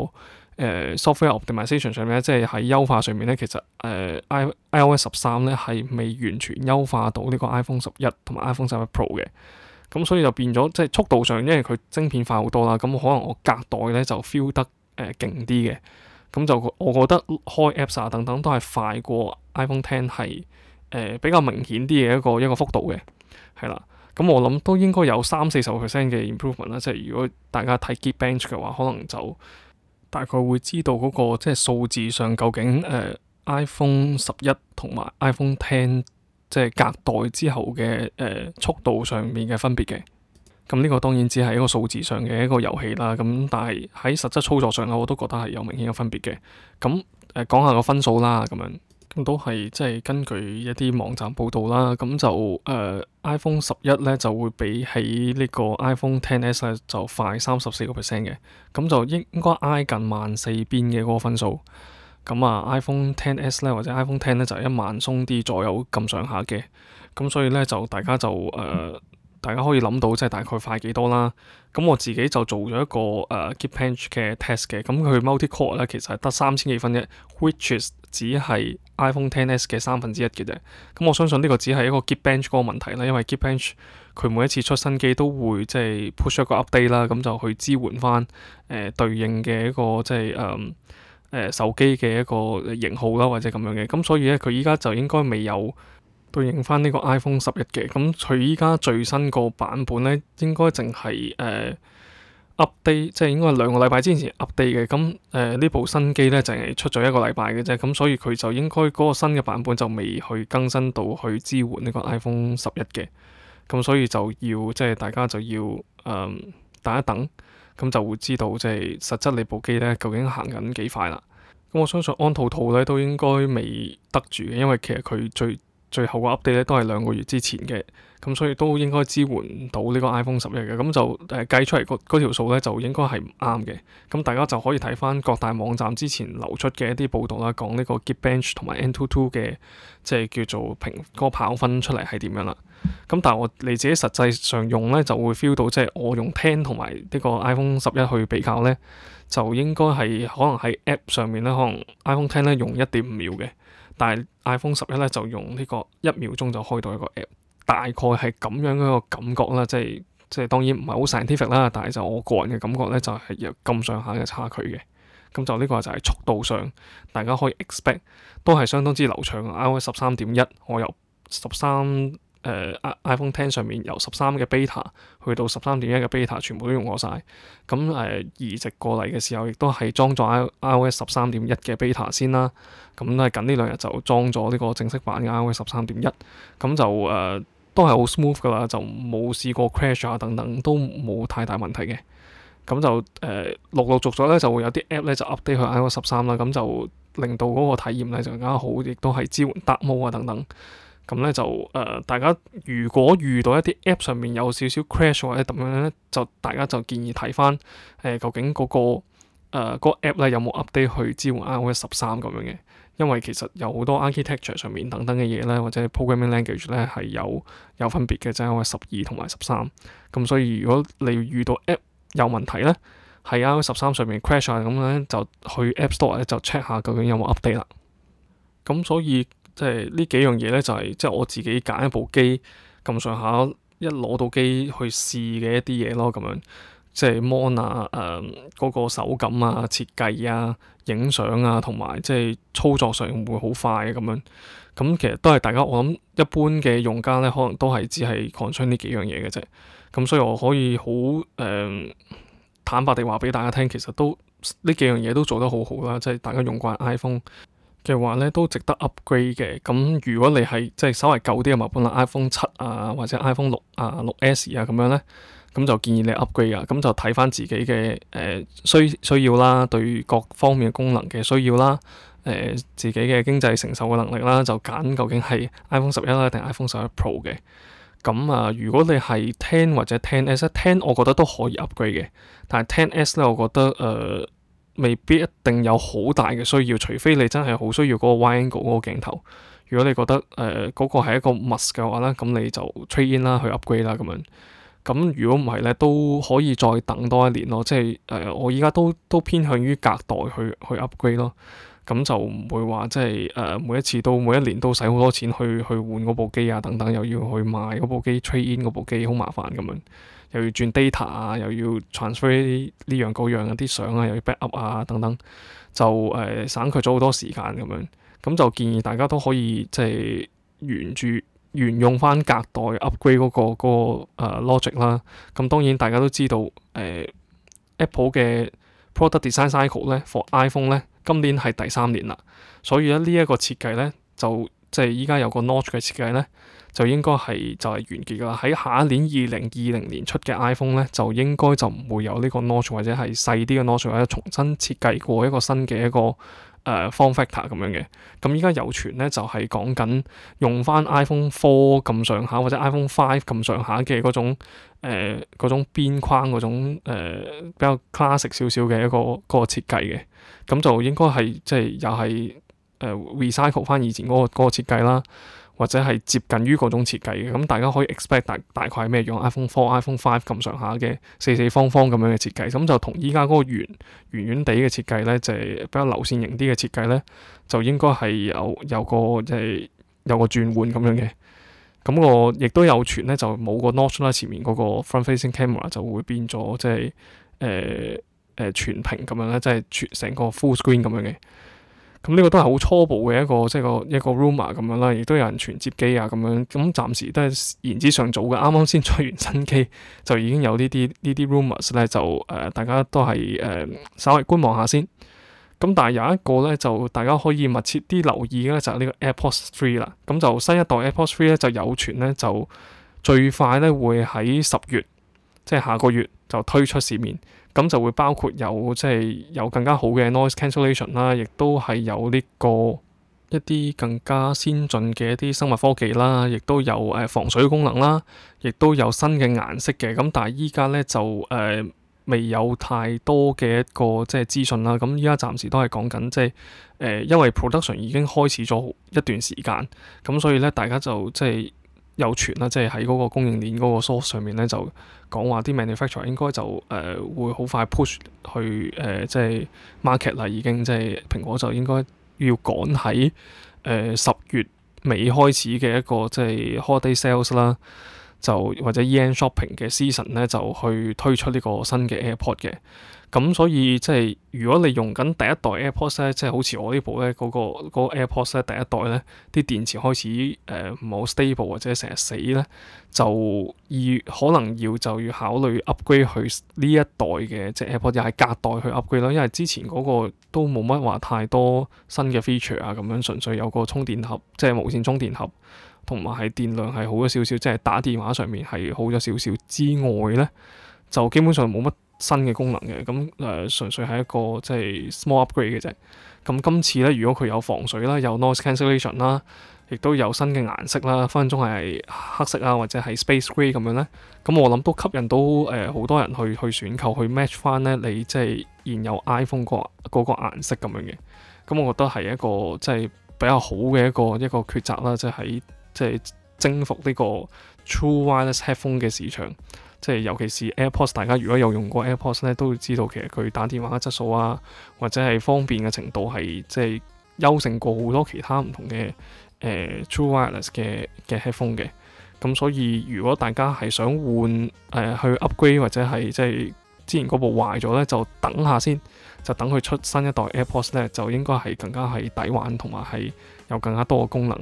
誒 software optimization 上面，即係喺優化上面咧。其實誒 i、呃、iOS 十三咧係未完全優化到呢個 iPhone 十一同埋 iPhone 十一 Pro 嘅。咁所以就變咗即係速度上，因為佢晶片快好多啦。咁可能我隔代咧就 feel 得誒勁啲嘅。咁、呃、就我覺得開 Apps 啊等等都係快過 iPhone Ten 係誒、呃、比較明顯啲嘅一個一個幅度嘅。係啦，咁我諗都應該有三四十個 percent 嘅 improvement 啦。即係如果大家睇 Geekbench 嘅話，可能就大概會知道嗰、那個即係數字上究竟誒、呃、iPhone 十一同埋 iPhone Ten 即係隔代之後嘅誒、呃、速度上面嘅分別嘅。咁呢個當然只係一個數字上嘅一個遊戲啦。咁但係喺實質操作上，我都覺得係有明顯嘅分別嘅。咁誒、呃、講下個分數啦，咁樣。都係即係根據一啲網站報道啦，咁就誒、呃、iPhone 十一咧就會比起個呢個 iPhone Ten S 咧就快三十四個 percent 嘅，咁就應應該挨近萬四邊嘅嗰個分數。咁啊 iPhone Ten S 咧或者 iPhone Ten 咧就係、萬鬆一萬鬆啲，左右咁上下嘅。咁所以咧就大家就誒、呃，大家可以諗到即係大概快幾多啦。咁我自己就做咗一個誒 Geekbench 嘅 test 嘅，咁佢 MultiCore 咧其實係得三千幾分啫。which is 只係 iPhone 10s 嘅三分之一嘅啫，咁我相信呢個只係一個 Geekbench 嗰個問題啦，因為 Geekbench 佢每一次出新機都會即係、就是、push 一個 update 啦，咁就去支援翻誒、呃、對應嘅一個即係誒誒手機嘅一個型號啦，或者咁樣嘅，咁所以咧佢依家就應該未有對應翻呢個 iPhone 十一嘅，咁佢依家最新個版本咧應該淨係誒。呃 update 即係應該係兩個禮拜之前 update 嘅，咁誒呢部新機咧就係出咗一個禮拜嘅啫，咁所以佢就應該嗰、那個新嘅版本就未去更新到去支援呢個 iPhone 十一嘅，咁所以就要即係大家就要誒等、嗯、一等，咁就會知道即係、就是、實質你部機咧究竟行緊幾快啦。咁我相信安兔兔咧都應該未得住嘅，因為其實佢最最後個 update 咧都係兩個月之前嘅，咁、嗯、所以都應該支援到呢個 iPhone 十一嘅，咁、嗯、就誒、呃、計出嚟嗰嗰條數咧就應該係唔啱嘅。咁、嗯、大家就可以睇翻各大網站之前流出嘅一啲報導啦，講呢個 Geekbench 同埋 Antutu 嘅即係叫做評嗰、那個、跑分出嚟係點樣啦。咁、嗯、但係我你自己實際上用咧就會 feel 到，即、就、係、是、我用 Ten 同埋呢個 iPhone 十一去比較咧，就應該係可能喺 App 上面咧，可能 iPhone Ten 咧用一點五秒嘅。但係 iPhone 十一咧就用呢個一秒鐘就開到一個 app，大概係咁樣嘅一個感覺啦，即係即係當然唔係好 scientific 啦，但係就我個人嘅感覺咧就係、是、有咁上下嘅差距嘅，咁就呢個就係速度上大家可以 expect 都係相當之流暢嘅。iOS 十三點一我由。十三。誒、uh, iPhone X 上面由十三嘅 beta 去到十三點一嘅 beta 全部都用過晒。咁誒、uh, 移植過嚟嘅時候，亦都係裝咗 iOS 十三點一嘅 beta 先啦。咁係近呢兩日就裝咗呢個正式版嘅 iOS 十三點一，咁就誒、uh, 都係好 smooth 噶啦，就冇試過 crash 啊等等，都冇太大問題嘅。咁就誒陸陸續續咧就會有啲 app 咧就 update 去 iOS 十三啦，咁就令到嗰個體驗咧就更加好，亦都係支援 dark mode 啊等等。咁咧就誒、呃，大家如果遇到一啲 App 上面有少少 crash 或者咁樣咧，就大家就建議睇翻誒，究竟嗰、嗰個誒、呃嗰個、App 咧有冇 update 去支援 iOS 十三咁樣嘅，因為其實有好多 architecture 上面等等嘅嘢咧，或者 programming language 咧係有有分別嘅，就係 iOS 十二同埋十三。咁所以如果你遇到 App 有問題咧，係 iOS 十三上面 crash 咁咧，就去 App Store 咧就 check 下究竟有冇 update 啦。咁所以。即係呢幾樣嘢咧、就是，就係即係我自己揀一部機咁上下，一攞到機去試嘅一啲嘢咯，咁樣即係 mon 啊，誒、呃、嗰、那個手感啊、設計啊、影相啊，同埋即係操作上會好快咁、啊、樣。咁其實都係大家，我諗一般嘅用家咧，可能都係只係 control 呢幾樣嘢嘅啫。咁所以我可以好誒、呃、坦白地話俾大家聽，其實都呢幾樣嘢都做得好好啦，即係大家用慣 iPhone 嘅話咧都值得 upgrade 嘅。咁、嗯、如果你係即係稍微舊啲嘅物粉、就、啦、是，iPhone 七啊或者 iPhone 六啊六 S 啊咁樣咧，咁就建議你 upgrade 啊。咁、嗯、就睇翻自己嘅誒需需要啦，對各方面嘅功能嘅需要啦，誒、呃、自己嘅經濟承受嘅能力啦，就揀究竟係 iPhone 十一、啊、啦定 iPhone 十一 Pro 嘅。咁、嗯、啊、呃，如果你係10或者 10S，10 我覺得都可以 upgrade 嘅。但係 10S 咧，我覺得誒。呃未必一定有好大嘅需要，除非你真係好需要嗰個 wide angle 嗰個鏡頭。如果你覺得誒嗰、呃那個係一個 must 嘅話咧，咁你就 trade in 啦，去 upgrade 啦咁樣。咁如果唔係咧，都可以再等多一年咯。即係誒、呃，我依家都都偏向於隔代去去 upgrade 咯。咁就唔會話即係誒、呃、每一次都每一年都使好多錢去去換嗰部機啊等等，又要去賣嗰部機 trade in 嗰部機，好 麻煩咁樣。又要轉 data 啊，又要 transfer 呢樣嗰樣啲相啊，又要 backup 啊等等，就誒、呃、省佢咗好多時間咁樣。咁就建議大家都可以即係沿住沿用翻隔代 upgrade 嗰、嗰個個、呃、logic 啦。咁當然大家都知道、呃、Apple 嘅 Product Design Cycle 咧 for iPhone 咧，今年係第三年啦，所以咧呢一個設計咧就即係依家有個 Notch 嘅設計咧。就應該係就係、是、完結啦。喺下一年二零二零年出嘅 iPhone 咧，就應該就唔會有呢個 notch 或者係細啲嘅 notch，或者重新設計過一個新嘅一個誒、呃、form factor 咁樣嘅。咁依家有傳咧，就係、是、講緊用翻 iPhone Four 咁上下或者 iPhone Five 咁上下嘅嗰種誒嗰、呃、邊框嗰種、呃、比較 classic 少少嘅一,一個嗰、嗰個設計嘅。咁、嗯、就應該係即係又係誒、呃、recycle 翻以前嗰、嗰個嗰、嗰個設計啦。或者係接近於嗰種設計嘅，咁大家可以 expect 大大概係咩樣？iPhone 4、iPhone 5咁上下嘅四四方方咁樣嘅設計，咁就同依家嗰個圓圓圓地嘅設計呢，就係、是、比較流線型啲嘅設計呢，就應該係有有個即係、就是、有個轉換咁樣嘅。咁我亦都有傳呢，就冇個 notch 啦，前面嗰個 front-facing camera 就會變咗即係誒誒全屏咁樣呢，即係全成個 full screen 咁樣嘅。咁呢個都係好初步嘅一個，即係個一個 rumor 咁樣啦，亦都有人傳接機啊咁樣。咁暫時都係言之尚早嘅，啱啱先出完新機，就已經有呢啲呢啲 rumors 咧，就誒、呃、大家都係誒、呃、稍微觀望下先。咁但係有一個咧，就大家可以密切啲留意嘅咧，就係、是、呢個 AirPods Three 啦。咁就新一代 AirPods Three 咧，就有傳咧就最快咧會喺十月，即係下個月就推出市面。咁就會包括有即係、就是、有更加好嘅 noise cancellation 啦，亦都係有呢個一啲更加先進嘅一啲生物科技啦，亦都有誒防水功能啦，亦都有新嘅顏色嘅。咁但係依家咧就誒、呃、未有太多嘅一個即係資訊啦。咁依家暫時都係講緊即係誒，因為 production 已經開始咗一段時間，咁所以咧，大家就即係。就是有傳啦，即係喺嗰個供應鏈嗰個 source 上面咧，就講話啲 manufacturer 應該就誒、呃、會好快 push 去誒、呃、即係 market 啦，已經即係蘋果就應該要趕喺誒十月尾開始嘅一個即係 holiday sales 啦，就或者 year shopping 嘅 season 咧，就去推出呢個新嘅 AirPod 嘅。咁所以即係如果你用緊第一代 AirPods 咧，即係好似我呢部咧，嗰個嗰個 AirPods 咧第一代咧，啲電池開始誒唔好 stable 或者成日死咧，就要可能要就要考慮 upgrade 去呢一代嘅即係 AirPods 又係隔代去 upgrade 咯。因為之前嗰個都冇乜話太多新嘅 feature 啊，咁樣純粹有個充電盒即係無線充電盒，同埋係電量係好咗少少，即係打電話上面係好咗少少之外咧，就基本上冇乜。新嘅功能嘅，咁誒、呃、純粹係一個即係、就是、small upgrade 嘅啫。咁今次咧，如果佢有防水啦，有 noise cancellation 啦，亦都有新嘅顏色啦，分分鐘係黑色啊，或者係 space grey 咁樣咧。咁我諗都吸引到誒好、呃、多人去去選購去 match 翻咧你即係、就是、現有 iPhone 個嗰、那個顏色咁樣嘅。咁我覺得係一個即係、就是、比較好嘅一個一個抉擇啦，即係即係。就是征服呢個 True Wireless Headphone 嘅市場，即係尤其是 AirPods。大家如果有用過 AirPods 咧，都會知道其實佢打電話嘅質素啊，或者係方便嘅程度係即係優勝過好多其他唔同嘅誒、呃、True Wireless 嘅嘅 Headphone 嘅。咁所以如果大家係想換誒、呃、去 Upgrade 或者係即係之前嗰部壞咗咧，就等下先，就等佢出新一代 AirPods 咧，就應該係更加係抵玩同埋係有更加多嘅功能。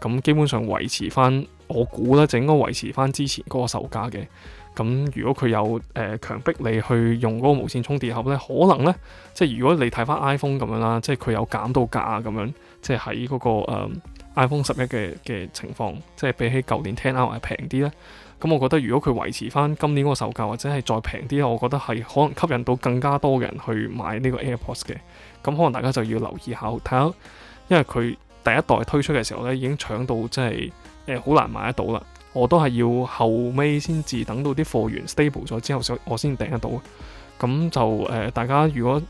咁基本上維持翻，我估咧就應該維持翻之前嗰個售價嘅。咁如果佢有誒、呃、強迫你去用嗰個無線充電盒咧，可能咧即係如果你睇翻 iPhone 咁樣啦，即係佢有減到價啊咁樣，即係喺嗰個、嗯、iPhone 十一嘅嘅情況，即係比起舊年 Ten R 係平啲咧。咁我覺得如果佢維持翻今年嗰個售價，或者係再平啲咧，我覺得係可能吸引到更加多人去買呢個 AirPods 嘅。咁可能大家就要留意下睇下，因為佢第一代推出嘅時候呢，已經搶到真係誒好難買得到啦。我都係要後尾先至等到啲貨源 stable 咗之後，我先訂得到。咁、嗯、就誒、呃，大家如果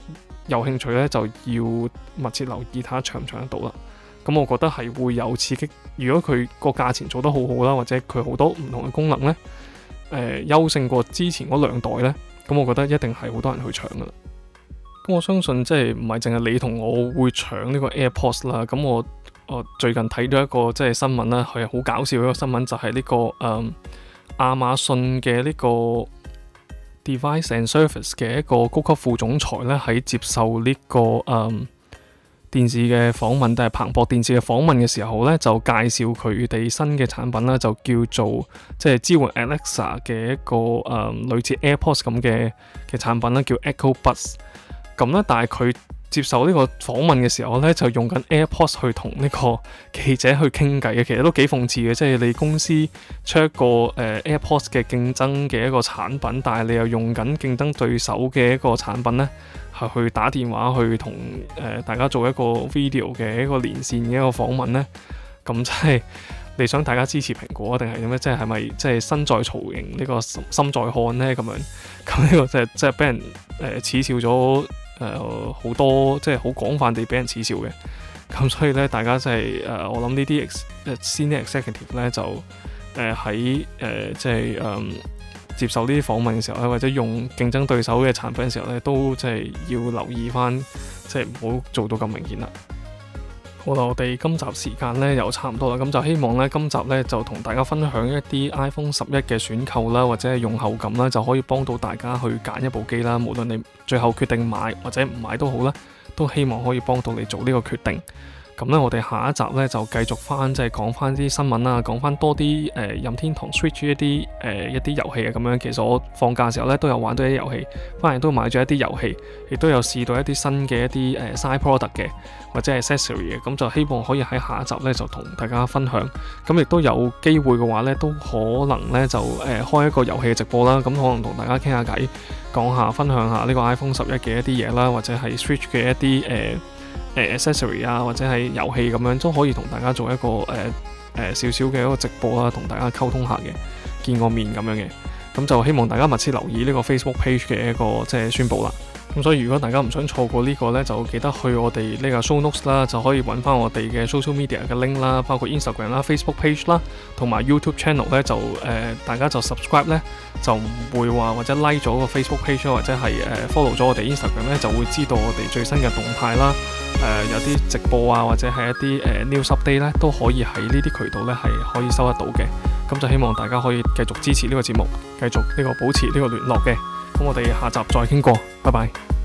有興趣呢，就要密切留意睇下搶唔搶得到啦。咁、嗯、我覺得係會有刺激。如果佢個價錢做得好好啦，或者佢好多唔同嘅功能呢，誒、呃、優勝過之前嗰兩代呢。咁、嗯、我覺得一定係好多人去搶㗎喇。咁我相信即係唔係淨係你同我會搶呢個 AirPods 啦。咁我我最近睇到一個即係新聞啦，佢好搞笑嘅一個新聞、這個，就係呢個誒亞馬遜嘅呢個 Device and Service 嘅一個高級副總裁咧，喺接受呢、這個誒、嗯、電視嘅訪問，定係彭博電視嘅訪問嘅時候咧，就介紹佢哋新嘅產品啦，就叫做即係支援 Alexa 嘅一個誒、嗯、類似 AirPods 咁嘅嘅產品啦，叫 Echo Bus。咁咧，但係佢接受呢個訪問嘅時候咧，就用緊 AirPods 去同呢個記者去傾偈嘅，其實都幾諷刺嘅。即、就、係、是、你公司出一個誒、呃、AirPods 嘅競爭嘅一個產品，但係你又用緊競爭對手嘅一個產品咧，係去打電話去同誒、呃、大家做一個 video 嘅一個連線嘅一個訪問咧。咁即係你想大家支持蘋果定係點咧？即係係咪即係身在曹營、這個、呢個心在漢咧？咁樣咁呢個即係即係俾人誒、呃、恥笑咗。誒好、呃、多即係好廣泛地俾人恥笑嘅，咁所以咧大家即係誒，我諗呢啲誒 Senior Executive 咧就誒喺誒即係誒、嗯、接受呢啲訪問嘅時候咧，或者用競爭對手嘅產品嘅時候咧，都即係要留意翻，即係唔好做到咁明顯啦。好啦，我哋今集時間呢又差唔多啦，咁就希望呢，今集呢就同大家分享一啲 iPhone 十一嘅選購啦，或者係用後感啦，就可以幫到大家去揀一部機啦。無論你最後決定買或者唔買都好啦，都希望可以幫到你做呢個決定。咁咧，我哋下一集咧就繼續翻，即係講翻啲新聞啦，講翻多啲誒任天堂 Switch 一啲誒一啲遊戲啊。咁樣其實我放假時候咧都有玩多啲遊戲，翻嚟都買咗一啲遊戲，亦都有試到一啲新嘅一啲誒 Side Product 嘅或者係 Accessory 嘅。咁就希望可以喺下一集咧就同大家分享。咁亦都有機會嘅話咧，都可能咧就誒開一個遊戲嘅直播啦。咁可能同大家傾下偈，講下分享下呢個 iPhone 十一嘅一啲嘢啦，或者係 Switch 嘅一啲誒。呃誒、呃、accessory 啊，或者係遊戲咁樣，都可以同大家做一個誒誒少少嘅一個直播啦，啊，同大家溝通下嘅，見個面咁樣嘅，咁就希望大家密切留意呢個 Facebook page 嘅一個即係、就是，宣佈啦。咁所以如果大家唔想錯過呢個呢，就記得去我哋呢個 Show Notes 啦，就可以揾翻我哋嘅 Social Media 嘅 link 啦，包括 Instagram 啦、Facebook Page 啦，同埋 YouTube Channel 呢，就誒、呃，大家就 subscribe 呢，就唔會話或者 like 咗個 Facebook Page 或者係、呃、follow 咗我哋 Instagram 呢，就會知道我哋最新嘅動態啦。誒、呃、有啲直播啊，或者係一啲誒、呃、News Update 呢，都可以喺呢啲渠道呢，係可以收得到嘅。咁就希望大家可以繼續支持呢個節目，繼續呢個保持呢個聯絡嘅。咁我哋下集再傾過，拜拜。